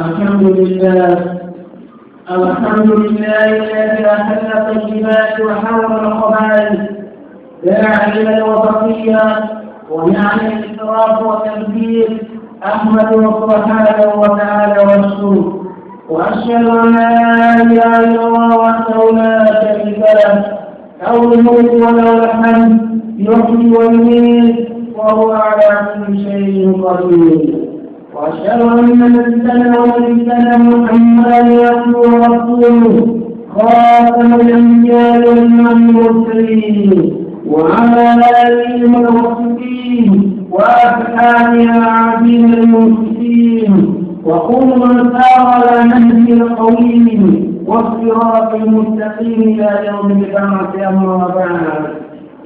الحمد لله الحمد لله الذي أحل الطيبات وحرم الخبائث داعما وفقيا ونعم الإسراف والتكبير أحمده سبحانه وتعالى واشكره وأشهد أن لا إله إلا الله وحده لا شريك له له الملك وله الحمد يحيي ويميت وهو على كل شيء قدير وأشهد أن نبينا ونبينا محمدا عبده ورسوله خاتم الأنبياء والمرسلين وعلى آله والمحسنين وأصحابه العافين المسلمين وكل من سار على نهج القويم والصراط المستقيم إلى يوم البعث أما بعد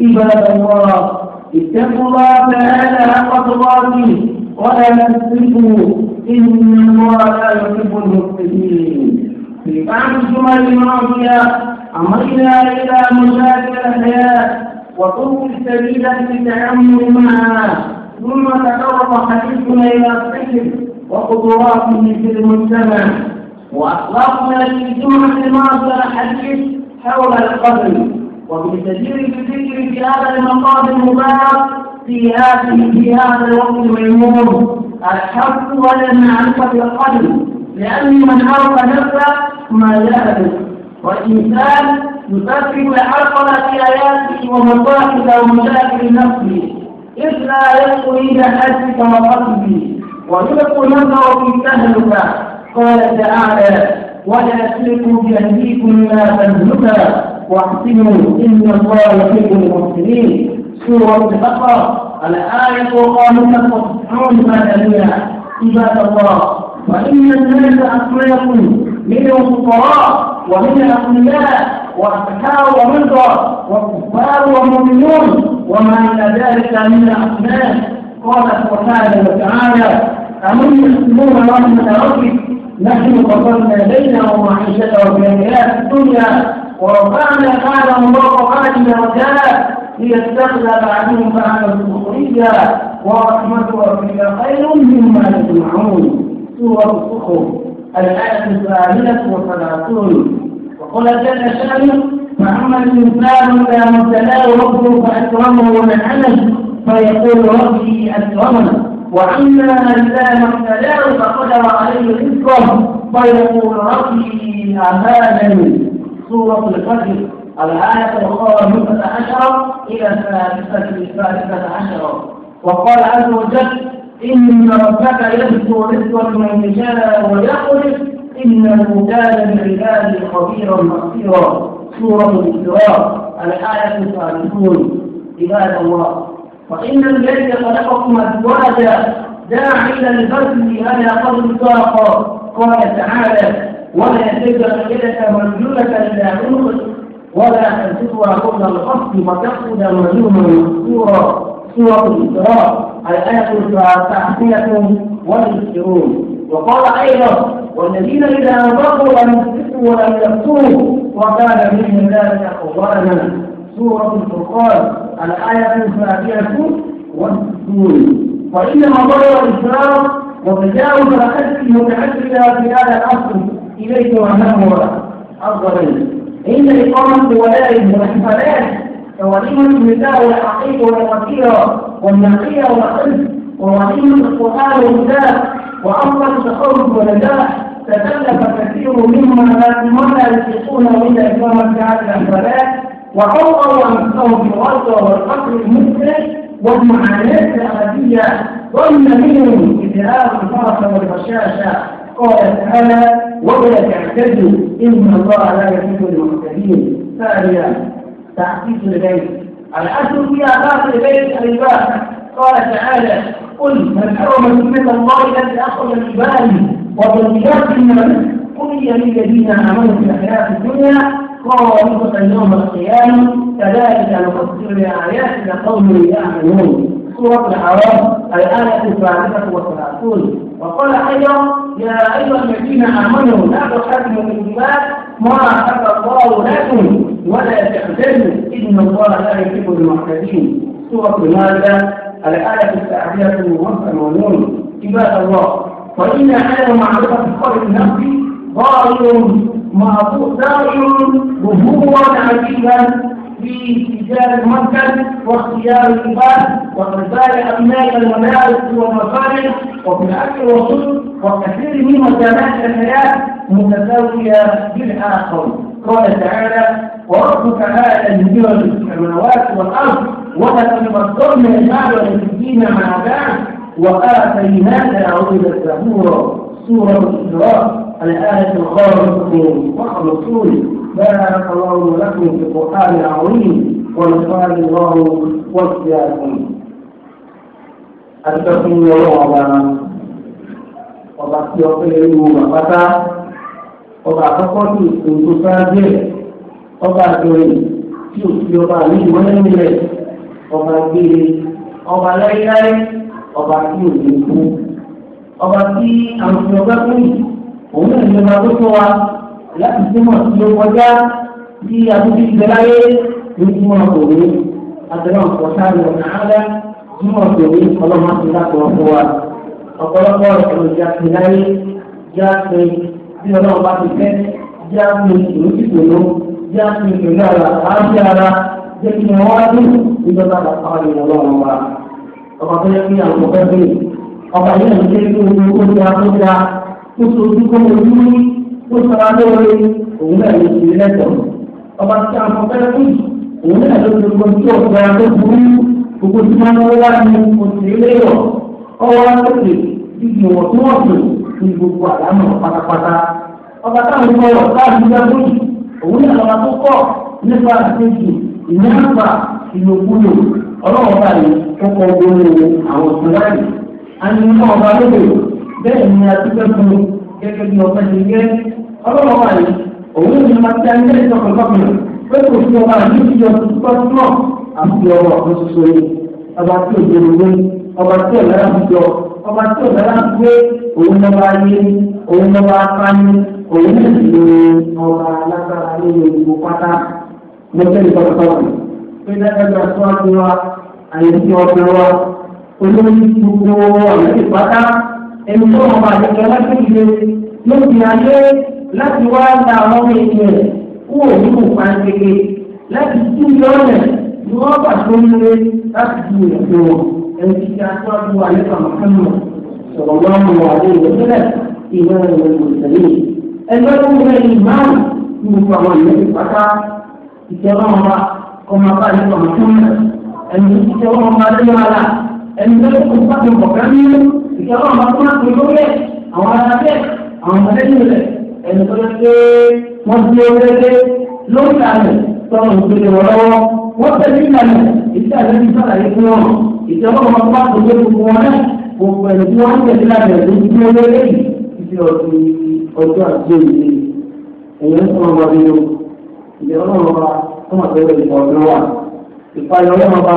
عباد الله اتقوا الله تعالى حق تقاته ولا تسرفوا إن الله لا يحب المسلمين في بعض الجمل الماضية أمرنا إلى مشاكل الحياة وطرق السبيل في التعامل معها ثم تقرب حديثنا إلى الطفل وقدراته في المجتمع وأطلقنا في الجمعة الماضية حديث حول القبر وبالتدريب الفكر في هذا المقام المبارك في هذه في هذا الوقت الميمون الحق ولا معرفة القلب لأن من عرف نفسه ما يعرف والإنسان يفكر العقل في آياته ومصائب ومشاكل نفسه إذ لا يدخل إلى حدك وقلبه ويلقي نفسه في التهلكة قال تعالى ولا تشركوا بأهليكم ما تهلكا واحسنوا إن الله يحب المحسنين سورة البقرة الآية الخامسة والتسعون بعد المئة عباد الله وإن الناس أسماء من الفقراء ومن الأغنياء وأحكار ومرضى وكفار ومؤمنون وما إلى ذلك من الأسماء قال سبحانه وتعالى أمن يحكمون رحمة ربك نحن قضلنا بينهم معيشتهم في الحياة الدنيا ورفعنا هذا المرفقات درجات ليستغنى بعدهم بعد سخريا ورحمة ربك خير مما يجمعون سورة الصخر الآية الثامنة وثلاثون وقل جل شأنه فأما الإنسان إذا ما ابتلاه ربه فأكرمه ونعمه فيقول ربي أكرمن وأما إذا ما ابتلاه فقدر عليه رزقه فيقول ربي أهانني سورة الفجر الآية الخامسة عشرة إلى السادسة السادسة عشرة وقال عز وجل إن ربك يبدو رزقا من يشاء ويخرج إنه كان بعباده خبيرا بصيرا سورة الإسراء الآية الثالثون عباد الله وإن الذي خلقكم أزواجا داعي إلى البذل هذا قدر الطاقة قال تعالى ولا يسد رجلك مجلولة إلى عنقك ولا أن تتوى كل القصد وتقصد مجنون مذكورا سورة الإسراء الآية تحسنة والمسكرون وقال أيضا والذين إذا أنفقوا لم يسرفوا ولم يقتلوا وكان منهم ذلك قرآنا سورة الفرقان الآية الثانية والسكون فإنما ضرر الإسراء وتجاوز الحد المتعددة في هذا الأصل إليك وهمه أفضل إن إقامة ولاء والاحتفالات ووليمة النساء والحقيقة والوكيلة والنقية والعز ووليمة القرآن والنساء وأفضل تخرج ونجاح تكلف كثير منهم ما لا يسيقون من إقامة هذه الاحتفالات وأوضوا أنفسهم في الغزة والقتل المسلم والمعاناة الأبدية ظن منهم ابتلاء الفرح والبشاشة قال تعالى ولا تعتدوا إن الله لا يحب المعتدين ثانيا تعقيد البيت الأصل في آخر البيت الإباحة قال تعالى قل من حرم سنة الله التي أخرج العباد وبالقياس من قل للذين آمنوا في الحياة الدنيا قالوا يوم القيامة كذلك نفسر لاياتنا قوم يعملون آية سورة الحرام الآية الثالثة والثلاثون وقال أيضا يا أيها الذين آمنوا لا من الناس ما أحب الله لكم ولا تعتدوا إن الله لا يحب المعتدين سورة الماده الآية التعبية والثمانون عباد الله وإن على معرفة قول النفس ضائع ضائع ظهورا عجيبا في اتجاه المركز واختيار الكبار وترفاع أبناء المدارس والمصالح وفي الأكل والصدق وكثير من مسامات الحياة متساوية بالآخر قال تعالى وربك هذا يدير السماوات والأرض ولكن من المال والمسكين مع بعض وآتيناك عبد سورة سورة الإسراء الآية الخامسة والرسول بارك الله لكم في القرآن العظيم ونفعل الله وإياكم أتقي الله ọba tí ọpẹ́ irú bàbátá ọba àkọ́kọ́ tí òkú tó sáájú ẹ ọba àjọyìn tí òkú ọba àlejò wọn lẹ́nu rẹ ọba gbére ọba láéláé ọba tí òkú ọba tí àwọn ọba tó yìí òun náà ìjọba tó tó wa láti túmọ̀ sí ó kọjá bí abúlé ìgbéláyé lójúmọ́ òwe àtẹ̀lẹ́ ọ̀pọ̀sáàlì ọ̀nà àádá túmọ̀ òwe ọlọ́mọ ti lápò ọ̀pọ̀ wa ọ̀pọ̀lọpọ̀ ìròjà ti láyé já pé bí ọlọ́run bá ti fẹ́ já pé ìròjìkòló já pé ìròjì ara àájá ara jẹ́ kí wọ́n wá dùn ìjọba àwọn ìrọ̀lọ́run wa ọ̀pọ̀ tó yẹ kí àwọn ọ̀pẹ́ bẹ́ẹ̀ ọ̀pọ̀ yẹn ń ṣe kí kó so ojú kó mo dúró ní kó sara lóore òun náà ló ti lẹ́tọ̀ọ́ ọba tí a mọ fẹ́rẹ́ fún òun náà ló ti gbọ́n tí ọ̀gá tó burú gbogbo tí wọ́n náwó wá ní oṣù lẹ́yọ̀ ọwọ́ lóde ìdí ìwọ̀ntúnwọ̀nsì ní gbogbo àdámọ̀ pátápátá ọba táwọn ọmọ rẹ̀ káàdì ìjà lóyè òun náà lọ́wọ́ tó kọ́ nípa àtẹ́jù ìnáàbà ìlòkulò ọlọ́wọ́ báyìí kọ́kọ́ gbólóhùn àwọn ọ̀sán láyé bẹ́ẹ̀ ni a ti fẹ́ fún mi gẹ́gẹ́ bí ọ̀pẹ ti gẹ́ ọlọ́run wà yìí òun ni ma ti ayé ẹ̀ṣọ́ kọ̀ọ̀kan pé kò sí ọba àti ìjọ tó tọ́ àti ọba ọ̀pẹ ṣoṣo yìí ọba tí ò gbèrò gbé ọba tí ò lára ń jọ ọba tí ò lára ń gbé òun ni ọba ayé òun ni ọba apáyé òun ni ìlú ọba alágbára ní gbogbo pátá lọ́sẹ̀ ìtọ́kọ̀tọ̀ pé dáadáa tó wá ti wá àyè tí ọ̀pẹ wa olórí gbogbo ọ̀rẹ́ ìpátá ẹni tó wọn bá àjọṣe lásìkò lóbi ayé láti wá gba àwọn ọmọ ènìyàn kúrò nínú pàǹkeke láti tú yọ̀ọ̀nà ni wọ́n bà tó ń lé láti ju ìrìnàjò wọn ẹni tí a tó àbú alẹ́ kàmá kánú sọ̀rọ̀ wọn mọ̀ wà ní ìrọ̀lẹ́ ìwé ìwé ìrọ̀lẹ́ ẹgbẹ́ tó ń rẹ̀ ìmáàmù ní gbogbo àwọn ìlú ìpàtà ìjọba wọn bá kọ́má bá alẹ́ kàmá kánú ẹni tí ìjọba wọn bá lé wọn la ẹni tó kọ́ ìjọba àwọn ọmọ náà tó lórí ẹ̀ àwọn ará bẹ́ẹ̀ àwọn ọmọdé nínú rẹ̀ ẹni tó lè ṣe wọ́n ti ọ̀rẹ́ dé lórí àlẹ́ tọ́lọ̀ ìpele wọ̀ lọ́wọ́ wọ́n tẹ̀lé ìlànà ìdí àlẹ́ ní sàlàyé fún wọn ìjọba àwọn ọmọ náà tó lórí gbogbo wọn náà gbogbo ẹni tí wọ́n tẹ̀lé ìlànà tó ti dúró lórí ìdí ọdún ọjọ́ àti òní ẹ̀yẹ́ sọ̀rọ̀ wà nínú ìjọba àwọn ọmọ ọmọ tó lórí ìpayọ̀ ọlọ́mọba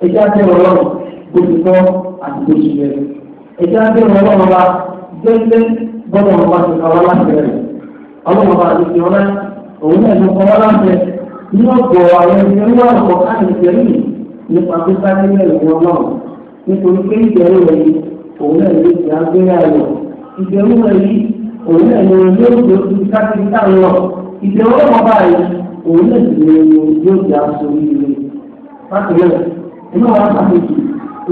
ọ̀dọ̀ bó ti kọ́ àti bó ti yẹ. ẹ̀jẹ̀ á bẹ̀rẹ̀ ọlọ́run wa gbẹ́gbẹ́ gbọ́dọ̀ wọn bá ti kọ́ láti rẹ̀. ọlọ́run wa àti ìfìwọ́lá òun náà ló kọ́ láti rẹ̀ ní ọ̀pọ̀ àwọn ẹgbẹ́ wà lọ́kọ̀ káàkiri ìgbẹ́rì nípa pípa nílẹ̀ ìwọ náà nítorí pé ìgbẹ́rù rẹ̀ yìí òun náà ló ti àgbéyà lọ. ìgbẹ́rù rẹ̀ yìí òun náà ló ń lé òkè òkè káàkiri ká lọ. ìgbẹ́rù ọmọ báyìí òun náà sì lè yóò ti aṣọ yìí lé. bákan náà inú wa pàtàkì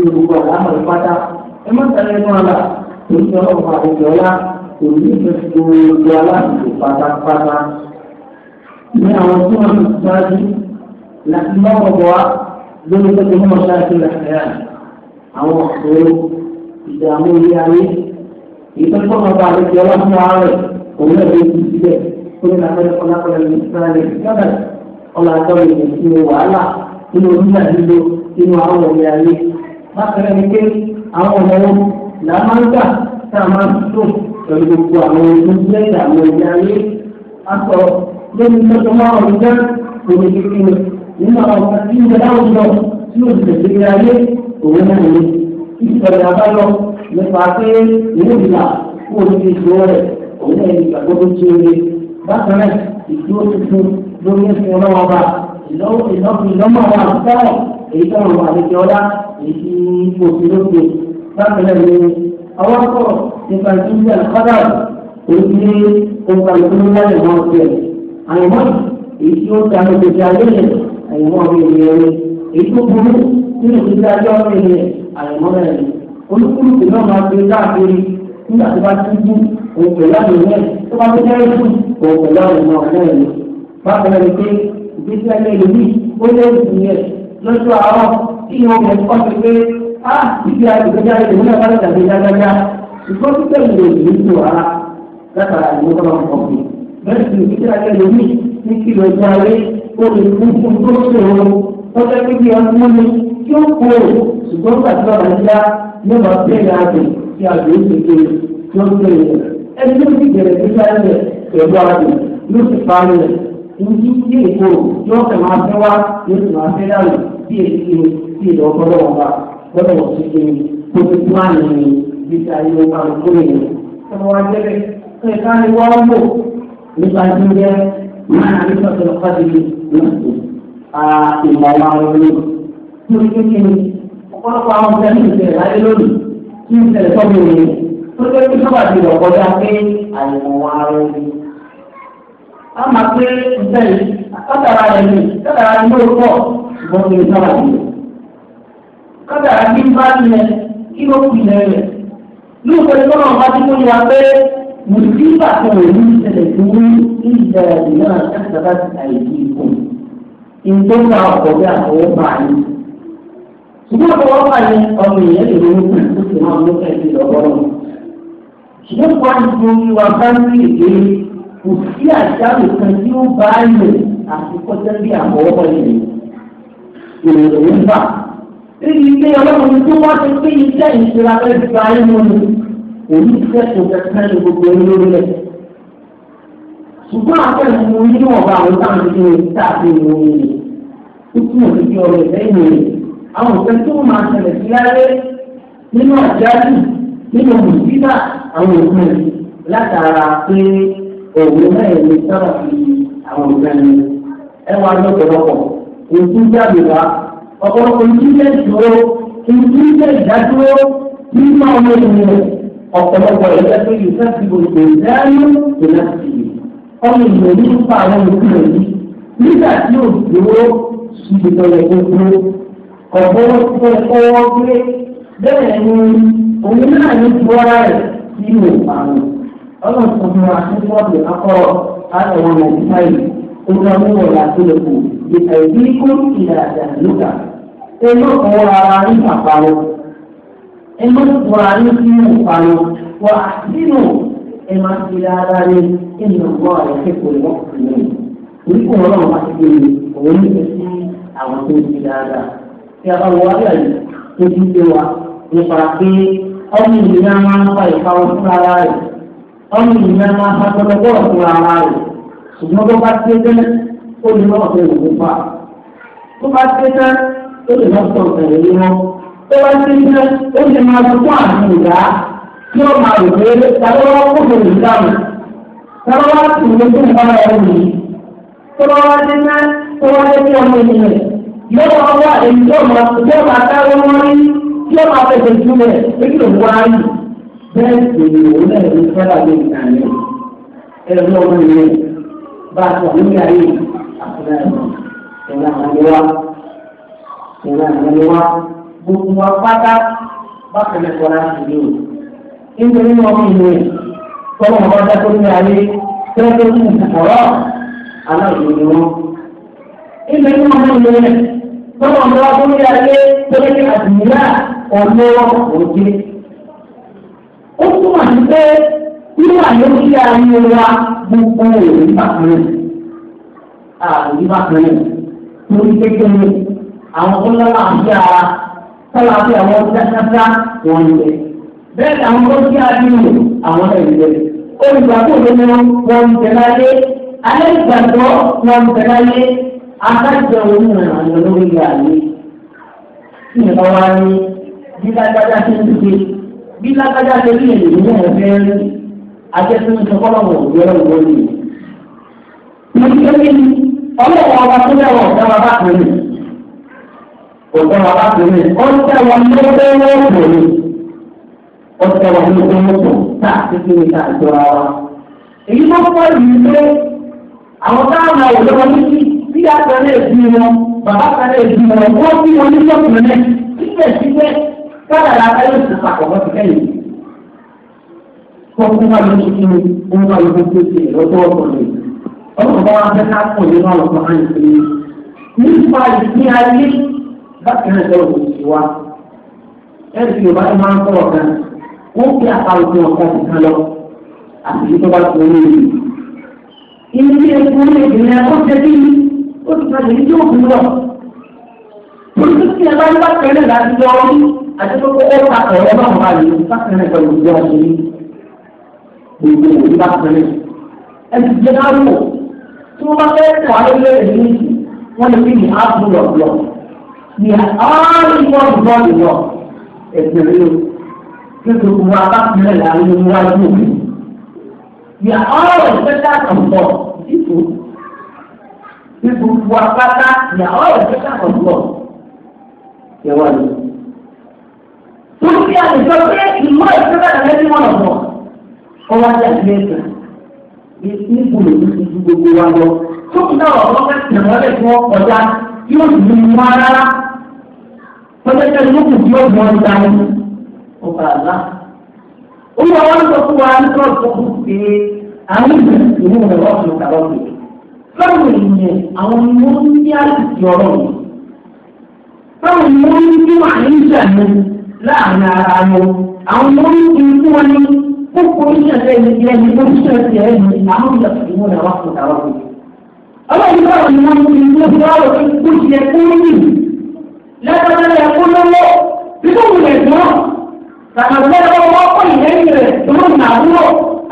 olùkọ́ àmọ̀ ìpátá ẹ má tẹ̀lé inú àlà èyí ni ọlọ́run àdéjọ ọlá èyí ni gbogbo aláàbò pátápátá. ní àwọn tí wọ́n ti sáájú láti bá wọn bọ̀ wá lórí pẹ̀lú mọ́ ṣáájú làkàrà àwọn ọ̀ṣọ́ ìdààmú ilé ayé ìtọ́jú ọba àdéjọ ọlá fún ara rẹ̀ òun náà lè fi síbẹ̀ ó ní lápẹ́rẹ́ kọ́lákọ́lá ní ìsirálẹ̀ ìsirálẹ̀ ọlá àtọ́ ìrìn bákan náà ni pé àwọn ọ̀nà wọn là máa ń gbà tá a máa ń tó pẹ̀lú gbogbo àwọn ohun tó lẹ́yìn àwọn ẹ̀yà ayé aṣọ lórí lọ́jọ́ máa ń gbà òye kékeré nínú àwọn ọ̀gá tí ń bẹ láwùjọ tí ó ti tẹ̀lé ayé òun náà ni ìṣẹ̀lẹ̀ àbáyọ nípa pé ìlú ìlà kó o ti ṣe rẹ̀ òun náà ni ìgbàgbọ́ tó ṣe rẹ̀ bákan náà ìdúró tuntun lórí ẹ̀sìn ọlọ́wọ́ bá ìlọ́mọ̀ àwọn àbúkọ́ èyí tó ń wà ní èyí òsì lóde bákan náà ni àwọn akọ nípa ìdílé àkọ́dà èyí ní òǹkà ìdílé láyé wọn ti ẹ̀ àyẹ̀mọ́ èyí tí ó ta ìgbésí ayé yẹn àyẹ̀mọ́ ọmọ ènìyàn rẹ èyí tó burú nínú ìgbésí ayé ọmọ ènìyàn àyẹ̀mọ́ rẹ ni olúkúlùkù náà máa fi káàkiri nígbà tó bá ti kú òun pẹ̀lú àwọn ènìyàn tó bá ti kẹ́rẹ́ kú òun pẹ̀lú àwọn ènìyàn náà ni bákan pé ìgbésí ayé ẹlòmíì ó lé ìgbìyànjú lọ́jọ́ àárọ̀ kí ọmọ ẹ̀kọ́ ti pé á ìdí àgbẹ̀gbẹ̀já rẹ̀ náà bá dàgbé dáadáa ṣùgbọ́n tó tẹ̀lé rẹ̀ lè tó ara látara ìwọ́n náà kọ̀ mí. bẹ́ẹ̀ sì ní kíkà kẹ́ lómi ní kí lọ jẹ́ ayé lè fún fún tó ṣòro ó jẹ́ pé kí ọdún mú mi kí kó o ṣùgbọ́n pàṣẹ ọ̀rọ̀ ní ọ̀rọ̀ bẹ́ẹ̀ pẹ̀lú àgbẹ̀ ló ti parí rẹ̀ ní kí èkó yóò fẹ́ máa fẹ́ wá yóò máa fẹ́ dànù bí èkó sí ìlọ ọgbọ́dọ̀ wọn bá gbọ́dọ̀ wọn ti ṣe kó ti tún àná ní bíi ayé wọn máa ń kúrò ní. ọmọ wa jẹ́ bẹ́ẹ̀ ká ní wọ́n ń bò nípa tí ó jẹ́ máa ní sọ̀tọ̀ lọ́kọ́dé lọ́sọ̀ ìmọ̀ wa lórí. tó ní kékeré ọ̀pọ̀lọpọ̀ àwọn ọ̀sẹ̀ ní ìṣẹ̀lẹ̀ láyé lónìí tí ìṣẹ̀lẹ̀ tọ́jú rẹ̀ tó jẹ́ kí sábà ti lọ kọjá pé àìmọ̀ wa lórí. a máa pé ìṣẹ̀lẹ̀ kátàrà rẹ̀ ní kátàrà ní lóòótọ́ ṣùgbọ́n kí ní sábà ti lọ kádàrá ní bá lẹ̀ kí ló kù ilẹ̀ rẹ̀ ní òkè tó náà bá ti mú ya pé mùsùlùmí bàtà òní ìṣẹ̀lẹ̀ tó wí ìjà ìyá àtàkàtà àìsí ikú ìjọba ọ̀gá àwọn ọba yìí ṣùgbọ́n àwọn ọba yẹn ọmọ èèyàn lè ronú pẹ̀lú tó máa ló fẹ́ẹ́ fi ṣùgbọ́n kó kan tí ó bá lè àti kọjá bí àwọn níbi ilé ọlọ́run tó wá ti pé iṣẹ́ ìṣura fẹ́ fi ayé mọ́ ni òní kẹ́kọ̀ọ́ kẹ́kẹ́ ní gbogbo ẹni lórí rẹ̀. ṣùgbọ́n akẹ́kọ̀ọ́ mo ní ọ̀gá àwọn táwọn ti rìn tàbí ìwọ̀n yìí ó túmọ̀ sí kí ọ̀rọ̀ ìfẹ́ ìwọ̀n yìí àwọn òfin tó máa ṣẹlẹ̀ sí láyé nínú àjájú nínú mùsíbà àwọn òfin látara pé òwe náà lè sábà fi àwọn òfin ẹ lọ́pọ̀lọpọ̀ òtún ọ̀pọ̀lọpọ̀ ìdílé ìṣòro ìdílé ìdádúró nínú àwọn ènìyàn ọ̀pọ̀lọpọ̀ ìdílé tó yẹ káàkiri gbogbo ìdáyé ìlàsìkè ọmọ ìlú ní nípa àwọn olùkúrò yìí nígbà tí ò dúró sí ìdọ̀lẹ̀ gbogbo ọ̀pọ̀lọpọ̀ ọwọ́ gbé bẹ́ẹ̀ ni òun náà ní ìfọwọ́ra rẹ̀ nínú ìpààrọ̀ ọlọ́sọ̀rọ̀ fún wa ní bọ́ọ̀lù akọ́rọ̀ àtọ̀wọ̀n nàìjíríà yìí ó lọ mú ọ̀la tó lè kù ìtàgé kó ìlà àdàlùkà inú ìfowóra ara ní ìpàpàrọ̀ inú ìfowóra ní ìfowóra ìpàrọ̀ wà nínú ẹ̀ma ti ara ní inú ọgbọ́n rẹ̀ kékeré wọ́n kù ní oríkùn ọlọ́run bá ti gbé òun ní ìfẹ́ sí àwọn tó ń ti dáadáa tí a bá wọ wáyà yìí tó ti gbé wa nípa pé ọmọ ìlera máa ń fa ìpawọ́ fún ara rẹ̀ ọmọ ìlera máa ń fa tọ́lọ́gbọ́rọ̀ fún ara rẹ̀ ṣùgbọ́n tó bá dé ó lè lọ́ọ̀ tó lè máa sọ ìtẹ̀lẹ̀ yìí wọn. tó bá ti ń jẹ́ ó lè máa fún àmì ìdá tí ó máa rò pé tàbí wọ́n kó lè rí dáàmú. tàbí wọ́n sì lè fún ìbára ẹ̀rọ yìí. tó bá wá dé ná tó wá dé bí ọmọ ènìyàn yóò wá wá èyí tó máa tó máa dáwọ́ wọn rí tí ó máa fẹsẹ̀ sílẹ̀ pé kí lòun wá rí. bẹ́ẹ̀ sì ni òun náà ló fẹ́ràn lé ìkànnì ẹ̀rọ ọmọ ènìyàn bá a sọ nígbà yìí àfúnáyà ẹ̀rọ àwọn ọmọ wa ìwọ ìwọ wa gbogbo wa pátá bákan ẹ̀kọ́ láti rí o. nítorí wọn fi ìwé tọ́wọ́ wọn bá dákọ́ ní ayé tẹ́lẹ̀ tó kù ọ̀rọ̀ aláìlú ni wọn. nítorí wọn fi ìwé tọ́wọ́ wọn bá dákọ́ ní ayé tẹ́lẹ̀ tó àdìmílà ọ̀nà òde. ó túmọ̀ sí pé wíwà lórí ayé wa gbogbo òní bákan rẹ̀. àbòrí bákan rẹ̀ lórí àwọn tó lọ́la àti ara sọ́la àti àwọn dáadáa wọn ń bẹ. bẹ́ẹ̀ ni àwọn tó kí adínú àwọn náà ń bẹ. olùgbàgbọ́ òdodo wọn ń bẹ láyé alẹ́ ìgbàgbọ́ wọn ń bẹ láyé akájọ òun nà àwọn olórí àlè. kí ni bá wá ní bí lágbájá ṣe ń dìde bí lágbájá ṣe rí èlò ní ẹ̀fẹ́ rí ajẹ́sìn ìṣọ́kọ́lọ́wọ̀ òwúrọ̀ òwúrọ̀ yìí. mo ti kẹ́ mi ọlọ́wọ́ ọba tó lẹ́wọ̀ ọ̀dá wa kan nìyí òtún wọn bá tó ní ọ̀sẹ̀ wọn ló dé wọ́n pè ní ọ̀sẹ̀ wọn ló dé wọ́n pè tá títí ní káàkiri wa. èyí tó kọ́ yìí pé àwọn táwọn àwọn òjọba ní kí bí àtàlẹ́ èdè wọn bàbá àtàlẹ́ èdè wọn wọ́n bí wọn ní sọ́kùnrin náà síbẹ̀ síbẹ̀ káàdà àtàlẹ́ òsì papọ̀ wọ́n ti kẹ́yìn. kọ́kún wà ló ń kí ni wọ́n wà ló ń kí ni lọ́tọ́ ọkùnrin ọkùnrin bá wà fẹ́ ká pọ̀ nínú àwọn ọkùnrin nípa ìpín ayé bákan náà sọ̀rọ̀ òṣìṣẹ́ wa ẹ̀sì yorùbá ẹ̀ máa ń sọ̀rọ̀ kan wọ́n fi àpàlùkù ọ̀kan nìkan lọ àti ìjọba bá tó ní ìlú. ìlú ilé ẹ̀kọ́ ní ìgbìmọ̀ ẹ̀kọ́ jẹ́ bí ó ti kàdé ní tí ó kú lọ. pòlítíkì ẹ̀ bá ń bá kẹ́lẹ́ láti lọ rí àdébọ́kọ́ ó ta ọ̀rọ̀ náà wà ní bákan náà pẹ̀lú ìjọ ṣe ní gbogbo òní bákan náà. ẹ̀sì We are all involved God in God. Ẹ̀sìn rẹ̀ o. Kí gbogbo wa bá fi rẹ̀ láàrin níwájú mi. We are all expected of God. Ìfò. Ìfò wa pátá. We are all expected of God. Ẹ wá lọ. Tolúkí pé ìmọ̀ ìṣẹ́fẹ́ rẹ̀ ní wọn ọ̀dọ̀. Ọwọ́ ajá ìlú ẹ̀ka. Níbo lè ní gbogbo wa lọ? Tókùnà ọ̀rọ̀ fẹ́ tí ó sì mú wa rárá tọ́jú ẹgbẹ́ lókùn tí ó mọ̀ ọ́n dání ó bá a lá. Olúwa wa ń sọ fún wa ní kọ́ ọ̀sán fún pé àwọn ìgbà ìwé rẹ̀ wọ́n fi ọ̀tà lọ́wọ́ rẹ̀. Báwo ìyẹn àwọn ni wọ́n ń ní àtìsí ọ̀rọ̀ yìí? Báwo ni wọ́n ń ní wàhálà ìjà mi láàárín ara wọn? Àwọn ni wọ́n ń fi fún wọn ní kókó ìṣẹ̀lẹ̀ ìlẹ́yìn tó ń ṣẹ̀ṣẹ̀ ẹ̀yìn àwọn ìgbà ìwé rẹ̀ wọ́n fi ọ̀tà lọ́wọ́ rẹ̀ ọlọ́run báwo ni wọ́n mú mi ní ọdún wáwọ̀ kó tiẹ̀ kó ní lẹ́gbẹ̀rẹ́ rẹ̀ kó lọ́wọ́ bíbó wù rẹ̀ dùn tàbí ọgbẹ́ wọn kọ́ ìlẹ́yìn rẹ̀ dùn nàbúrò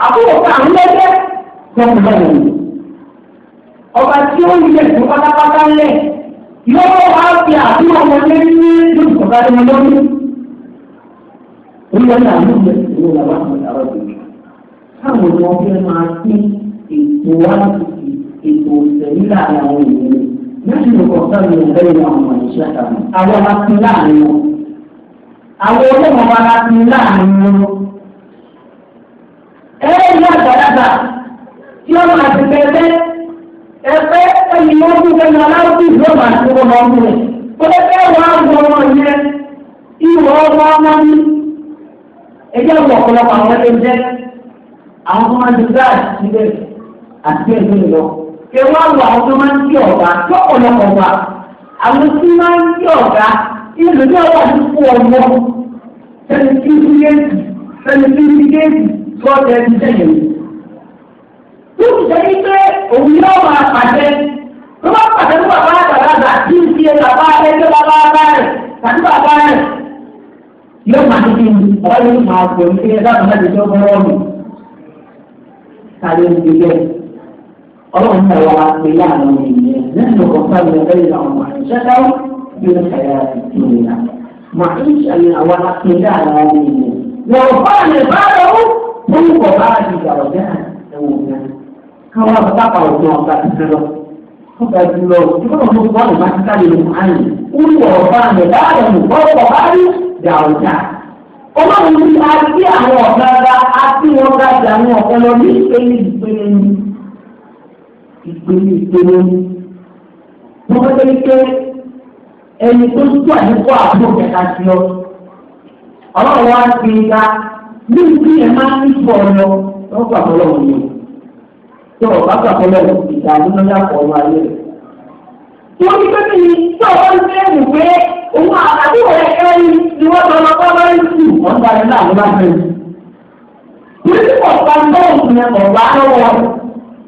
àbúrò ká ń lẹ́gbẹ́ gbọ̀ngbọ̀n ọba tí ó yẹ tó pátápátá lẹ̀ yóò wá fi àbúrò wọn lé ní lóṣù bá dé wọn lọ́dún. Olúwa ní àánú rẹ̀ ló wà láwọn ọ̀dà ọ̀dùn. Káwọn ọmọ ọgbẹ́ máa pín ètò wa láti ètò ìtẹ̀lé láàrin àwọn ènìyàn lóṣù tó kọ̀ọ̀tà ní ọ̀gbẹ́ni àwọn àìsàn àtàwọn àwọn ọba ti láàrin wọn àwọn ọlọ́mọ ọba la ti láàrin wọn. ẹ ẹ ní àgbàlagbà tí wọn máa ti pẹpẹ ẹgbẹ ẹni wọn kú pẹ̀lú aláwùjọ ìlú ọmọ àti ọmọ ọmọ rẹ pẹpẹ wà wọ ọmọ yẹn ìwọ ọmọ ọmọ mi ẹjẹ wọ ọ̀pọ̀lọpọ̀ àwọn ẹgbẹ́ àwọn ọmọ àti ẹgbẹ́ àti ẹgbẹ́ lọ ẹ wá wà àwọn tó máa ń tí ọ̀gá tó ọ̀pọ̀lọpọ̀ wà àwọn tí máa ń tí ọ̀gá ìlú náà wà ní fún ọmọ sẹ́ni tí ń géètì sẹ́ni tí ń géètì tó ọ̀tẹ̀ ẹni sẹ́yìn. tó ti jẹ́ ní pé òun yóò máa pàṣẹ tó bá pàṣẹ fún bàbá àgbàlagbà tí ń ṣe bàbá ẹgbẹ́ bàbá bá rẹ̀ tàbí bàbá rẹ̀ yóò máa ti fi ọ̀rọ̀ yóò máa pọ̀ ní kí ẹ ọlọ́run náà wà á pè láàrin ọmọ ènìyàn nínú ọ̀pá mi ọ̀rẹ́ ìlà ọmọ àìsẹ́dá yóò ṣàyà àtìkú ìlà. Màá ń ṣàyà àwọn apè láàrin ọmọ ènìyàn. Wọ́n bá lè bá lọ ó fún ìwọ̀ bá ìgbà ọ̀dẹ́ ẹ̀wọ̀n mi. Káwọn àbúrò àpà òjò ọ̀gá ti fẹ́ lọ. Ó ga jù lọ, ìfọ̀rọ̀ tó bọ́ máa ti ká lè mú àyè. Wúwọ̀ bá lè bá lọ mú bọ́ọ̀kọ̀ bá rí ìgbà ọ̀dà. Ọlọ́run ní a gbé àwọn ọ̀gá ga, a gbé wọn ga jù àwọn ọ̀gá lọ ní ìpele ìpele yìí ìpele ìpele wọn fẹ́ lé pé ẹni tó tó àdínkù àbúrò kẹta sí ọ ọlọ́run wá sí i ká ní ìdí ẹ̀ máa ń fọ ọ̀nà wọn gbà fọlọ́ wọn ni tí wọn bá gbà fọlọ́ ìdá nínú yàtọ̀ ọmọ ayé rẹ̀. wọ́n ti pẹ́ mi tí o ń fẹ́ mi pé òun àtàkì rẹ̀ kẹ́rin ni wọ́n tọ́ lọ bọ́lá ń sùn wọ́n gba ẹ̀ náà ló bá fẹ́ mi. Ní ti kọ̀ọ̀kan bọ́ọ̀sì yẹn kọ̀ọ̀kan lọ́wọ́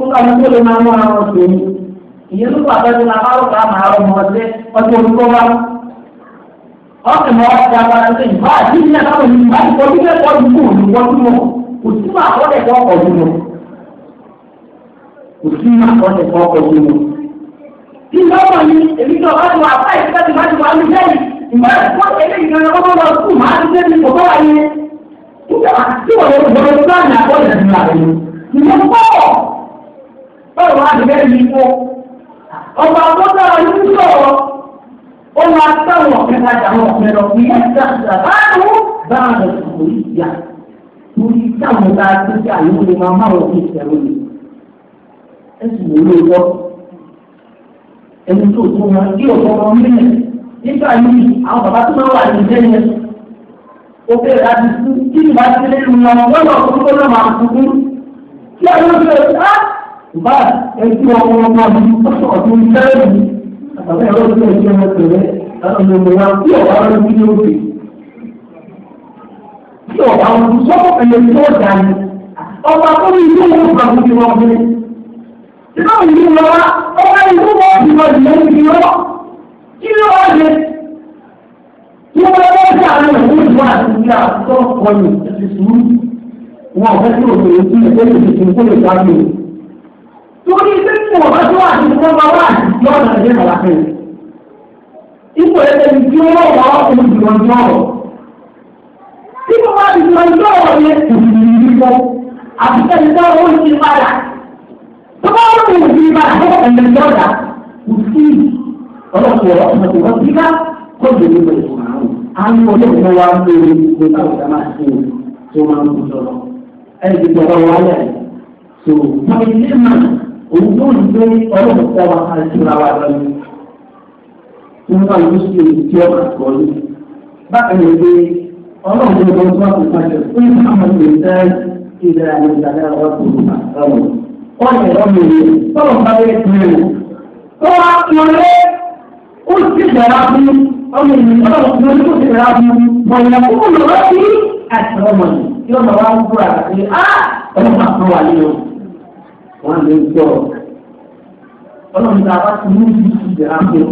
kó ká ló lè máa mú àwọn ọ̀sẹ̀ yìí ìyẹn ló pàtó ti máa bá òkà máa rọ ọmọ ọ̀sẹ̀ ọtí olùkọ́ wa ọ̀sẹ̀ mọ́ ọ̀sẹ̀ abala ṣe ìbá àti ìyá náà ní ìbá ìkọ́ tí fẹ́ kọ́ ìkú olùkọ́ tí mo kò sí máa kọ́ ẹ̀kọ́ ọkọ̀ tí mo kò sí máa kọ́ ẹ̀kọ́ ọkọ̀ tí mo. kí ló wọ̀ ní èmi tó bá ti wà fáì tí wọ́n ti máa ti wà ní sẹ́yìn ìgbà wọ́n tẹ̀lé ìgbà ọmọ lọ sùn máa ti sẹ́yìn kò tó wà ní. nígbà tí wọ́n lọ sọ̀rọ̀ báwo wá ní fún ọba àkọ́kọ́ ọdún sọ̀rọ̀ ó wá sáwọn àwọn ọ̀kẹ́ lọ fún yẹn ṣàṣà báàlú báàlú ìyá torí táwọn ọba tó jà máa máa wọ̀ kí ìṣẹ̀rù ni ẹ̀sùn wò ló lọ ẹni tó tó wọn kí ọ̀pọ̀ wọn mílẹ̀ nígbà yìí àwọn bàbá tó máa wà ní yẹn ó bẹ̀rẹ̀ láti kí ìbá ti lé wọn wọ́n lọ fún kó lọ́ máa fún kí àwọn bá ẹtí ọmọ ọmọ mi ó ọdún sẹ́yìn àtàwọn ẹ̀rọ tó ẹtí ọmọ tẹ̀lé àwọn ọmọ wa tí ọ̀wá wọn ti ní òkè tí ọ̀wá wọn ti sọ́kọ̀ ẹ̀yẹ tó dà ní ọba tó ní ilé ìwé ìgbàgbọ́ ti wọ́n gbé nínú ìlú wọn wá ọba ìlú wọn ti wọ́n ti lẹ́yìn ti wọ́n kí ni wọ́n ṣe kí wọ́n lọ́wọ́ sí àwọn ìlú ìwọ́n àti ìyá àtọ́ ọ̀yìn ẹ̀sìn sùúrù wọn ò fẹ́ sí òkè torí pé kí wọ́n bá tó wà ní wọ́n bá wà yọ ọ̀nà ìdí ìrọ̀lá fún un. ipò ẹ̀sẹ̀ ní tí wọ́n wà ọkùnrin jù wọn jọ ọ̀rọ̀. tí wọ́n bá ti jọ ìjọ ọ̀rọ̀ yẹn kò sì ní ìlú wọn àbíkẹ́ ìjọ owó ìṣe padà. tó bá wọ́n kò sí padà tó kọ̀ ẹ̀mẹ̀ lọ́dà kò sí ọlọ́pọ̀ ọ̀pọ̀ ọ̀pọ̀ kó lè ní ìwé ìwà àrùn. a ní olóògbé wa ń lè gbé báwo ká máa ṣe tó máa ń bú lọ. ẹ òun yóò gbé ọlọ́run kọ́ wa ká ìtura wa lọ ní. wọ́n bá yóò ṣe ìdí ọkà kọ́ ní. bákan yẹn pé ọlọ́run yóò lọ sí àpò pàṣẹ fún ìfàmù ìdá ìdá ìdàgbà wa kò ní àtàwọn. wọ́n yẹ ọmọ ìlú tọ́lọ̀ bá yẹ kí ẹ̀ tó wá lọlé ó sì dára fún ọmọ ìlú ọlọ́run lórí ó sì dára fún mọ̀nyà kúkú lọ́wọ́ sí àtàwọn mọ̀nyà yóò lọ wá ń kúrò àti wọn lè jọ ọlọ́run tá a ti mú òun tí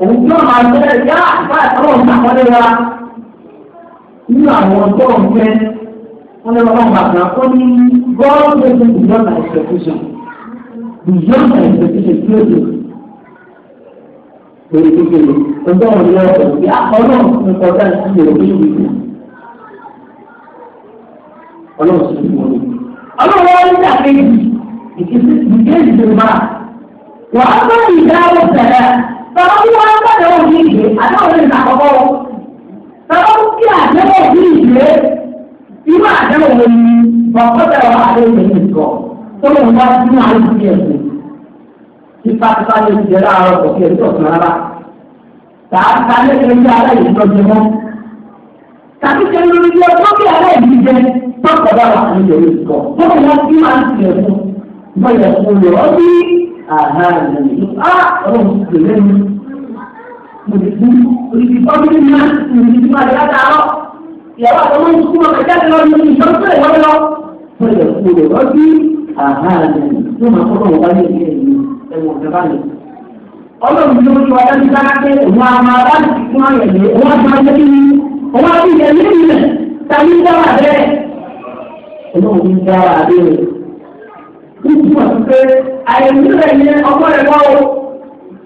wọn máa yá wa nínú àwọn wọn lè lọ́wọ́ ó ní tí ó lórí kékeré ọjọ́ ni ọ̀pọ̀ ìgbé nípa ọlọ́run sì ìkéjì tó bá. Wà á bá ìdáwó tẹ̀lé. Bàbá mi wá bẹ̀rẹ̀ òbí ìgbé àdáwọ̀ lè nà kọ́kọ́. Bàbá mi kí àdéhùn òbí ìgbé. Irú àdéhùn òbí bàbá tẹ̀lé wà á lè nìkọ́. Tó lè wá sí máa ń fi ẹ̀sìn. Ipa tipa lè jẹ láàárọ̀ kò kí ẹ̀sìn ọ̀sán bọ́lá ìfúnni ọ̀bí àhá ìlànà á ọ̀rọ̀ ìpè lẹ́nu. Òṣìṣẹ́ ìfọ́nbí ní máa ń sùn ní ìfúnni látàárọ̀. Ìyàwó àtọmọ́ ń sún ọmọ ìjáde lọ ní ìjọ́sẹ̀ ìwọ́n lọ. Bọ́lá ìfúnni ọ̀bí àhá ìlànà tó máa kọ́kọ́ wọ́n bá ní ìdí ẹ̀yìn ẹ̀wọ̀n ìjọba yẹn. Ọlọ́run ló ti wá dájú sára pé òun á máa bá ti fún àyẹ̀lẹ̀ òun á máa jẹ́ kí ni òun á fi ìyẹn ní ìlẹ̀ tàbí dára bẹ́ẹ̀. Ọlọ́run ń dára bẹ́ẹ̀ túmọ̀ sí pé àìsílẹ̀ yẹn ọkọ rẹ̀ kọ́ o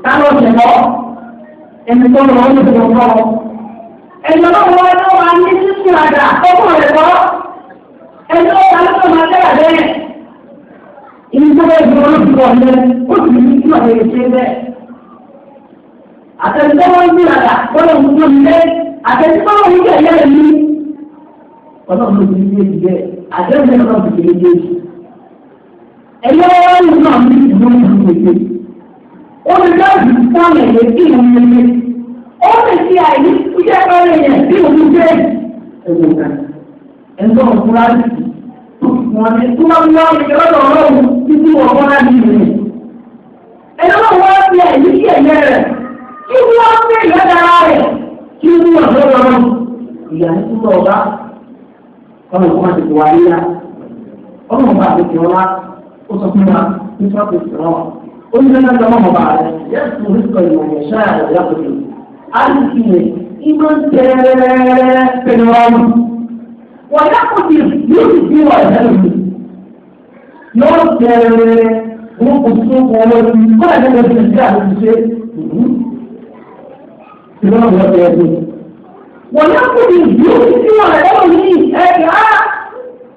táwọn ọ̀sẹ̀ kọ́ ẹni tó lọ ọdún tó kọ́ ẹni ọlọ́wọ́ ọlọ́wọ́ á ní sísú àdá ọkọ rẹ̀ kọ́ ẹni ọwọ́ alẹ́ máa tẹ́lá bẹ́ẹ̀ ìlú tó bẹ́ẹ̀ bí wọ́n ti kọ́ ọ̀lẹ́ ó sì ní kí wọ́n lè ṣe bẹ́ẹ̀ àtẹnudọ́wọ́ ń bí àdá bọ́lá ń tó lé àtẹnudọ́wọ́ ń kẹ̀lẹ́ mi ọlọ́run ní ilé ìgbẹ́ ti ẹ̀yẹ́ wọ́n ń náà ní ìlú ìgbèsè. ó lè láti fún ẹ̀yẹ kí òun lè ó lè ṣe àìní iṣẹ́ pẹ́rẹ́ yẹn kí òun gbé ẹ̀wọ̀n kan. ẹ̀ńtọ́ ọ̀fúnra sí wọn ni tó bá wá ìjọba ọlọ́run títí wọ́n wọ́n á ní ìrìn. ẹ̀yẹ́ wọ́n wá sí àìní sí ẹ̀yẹ rẹ̀ kí wọ́n fẹ́ ìyá dára rẹ̀ kí wọ́n lọ́wọ́ ìyá nítorí ọ̀gá ọ̀rùn kan ti wà níyà ọ̀rùn kan ti wà ó sọ fún wa ní sọ́ọ̀tì ìṣòro ó ní sẹ́yìn ọjọ́ mọ́mọ́ bá rẹ̀ yẹ́sùn oríkọ̀ ìwọ̀n yẹn ṣáà rẹ̀ lápòjù àìsí rẹ̀ ìmọ̀ tẹ́ẹ̀rẹ́ pẹ̀lú ọ̀run wọ́n lápòjù yóò ti fi wà ẹ̀rẹ́ mi yóò tẹ́ẹ̀rẹ́ wọ́n kò tún kọ́ ọ lọ́sí kọ́ ẹ̀ lẹ́yìn ọ̀sẹ̀ sí àtúnṣe ìlú ọ̀rọ̀ tẹ́ẹ̀rẹ́ wọ́n lápòjù yóò ti fi wà ẹ̀rẹ́ mi ẹ̀ka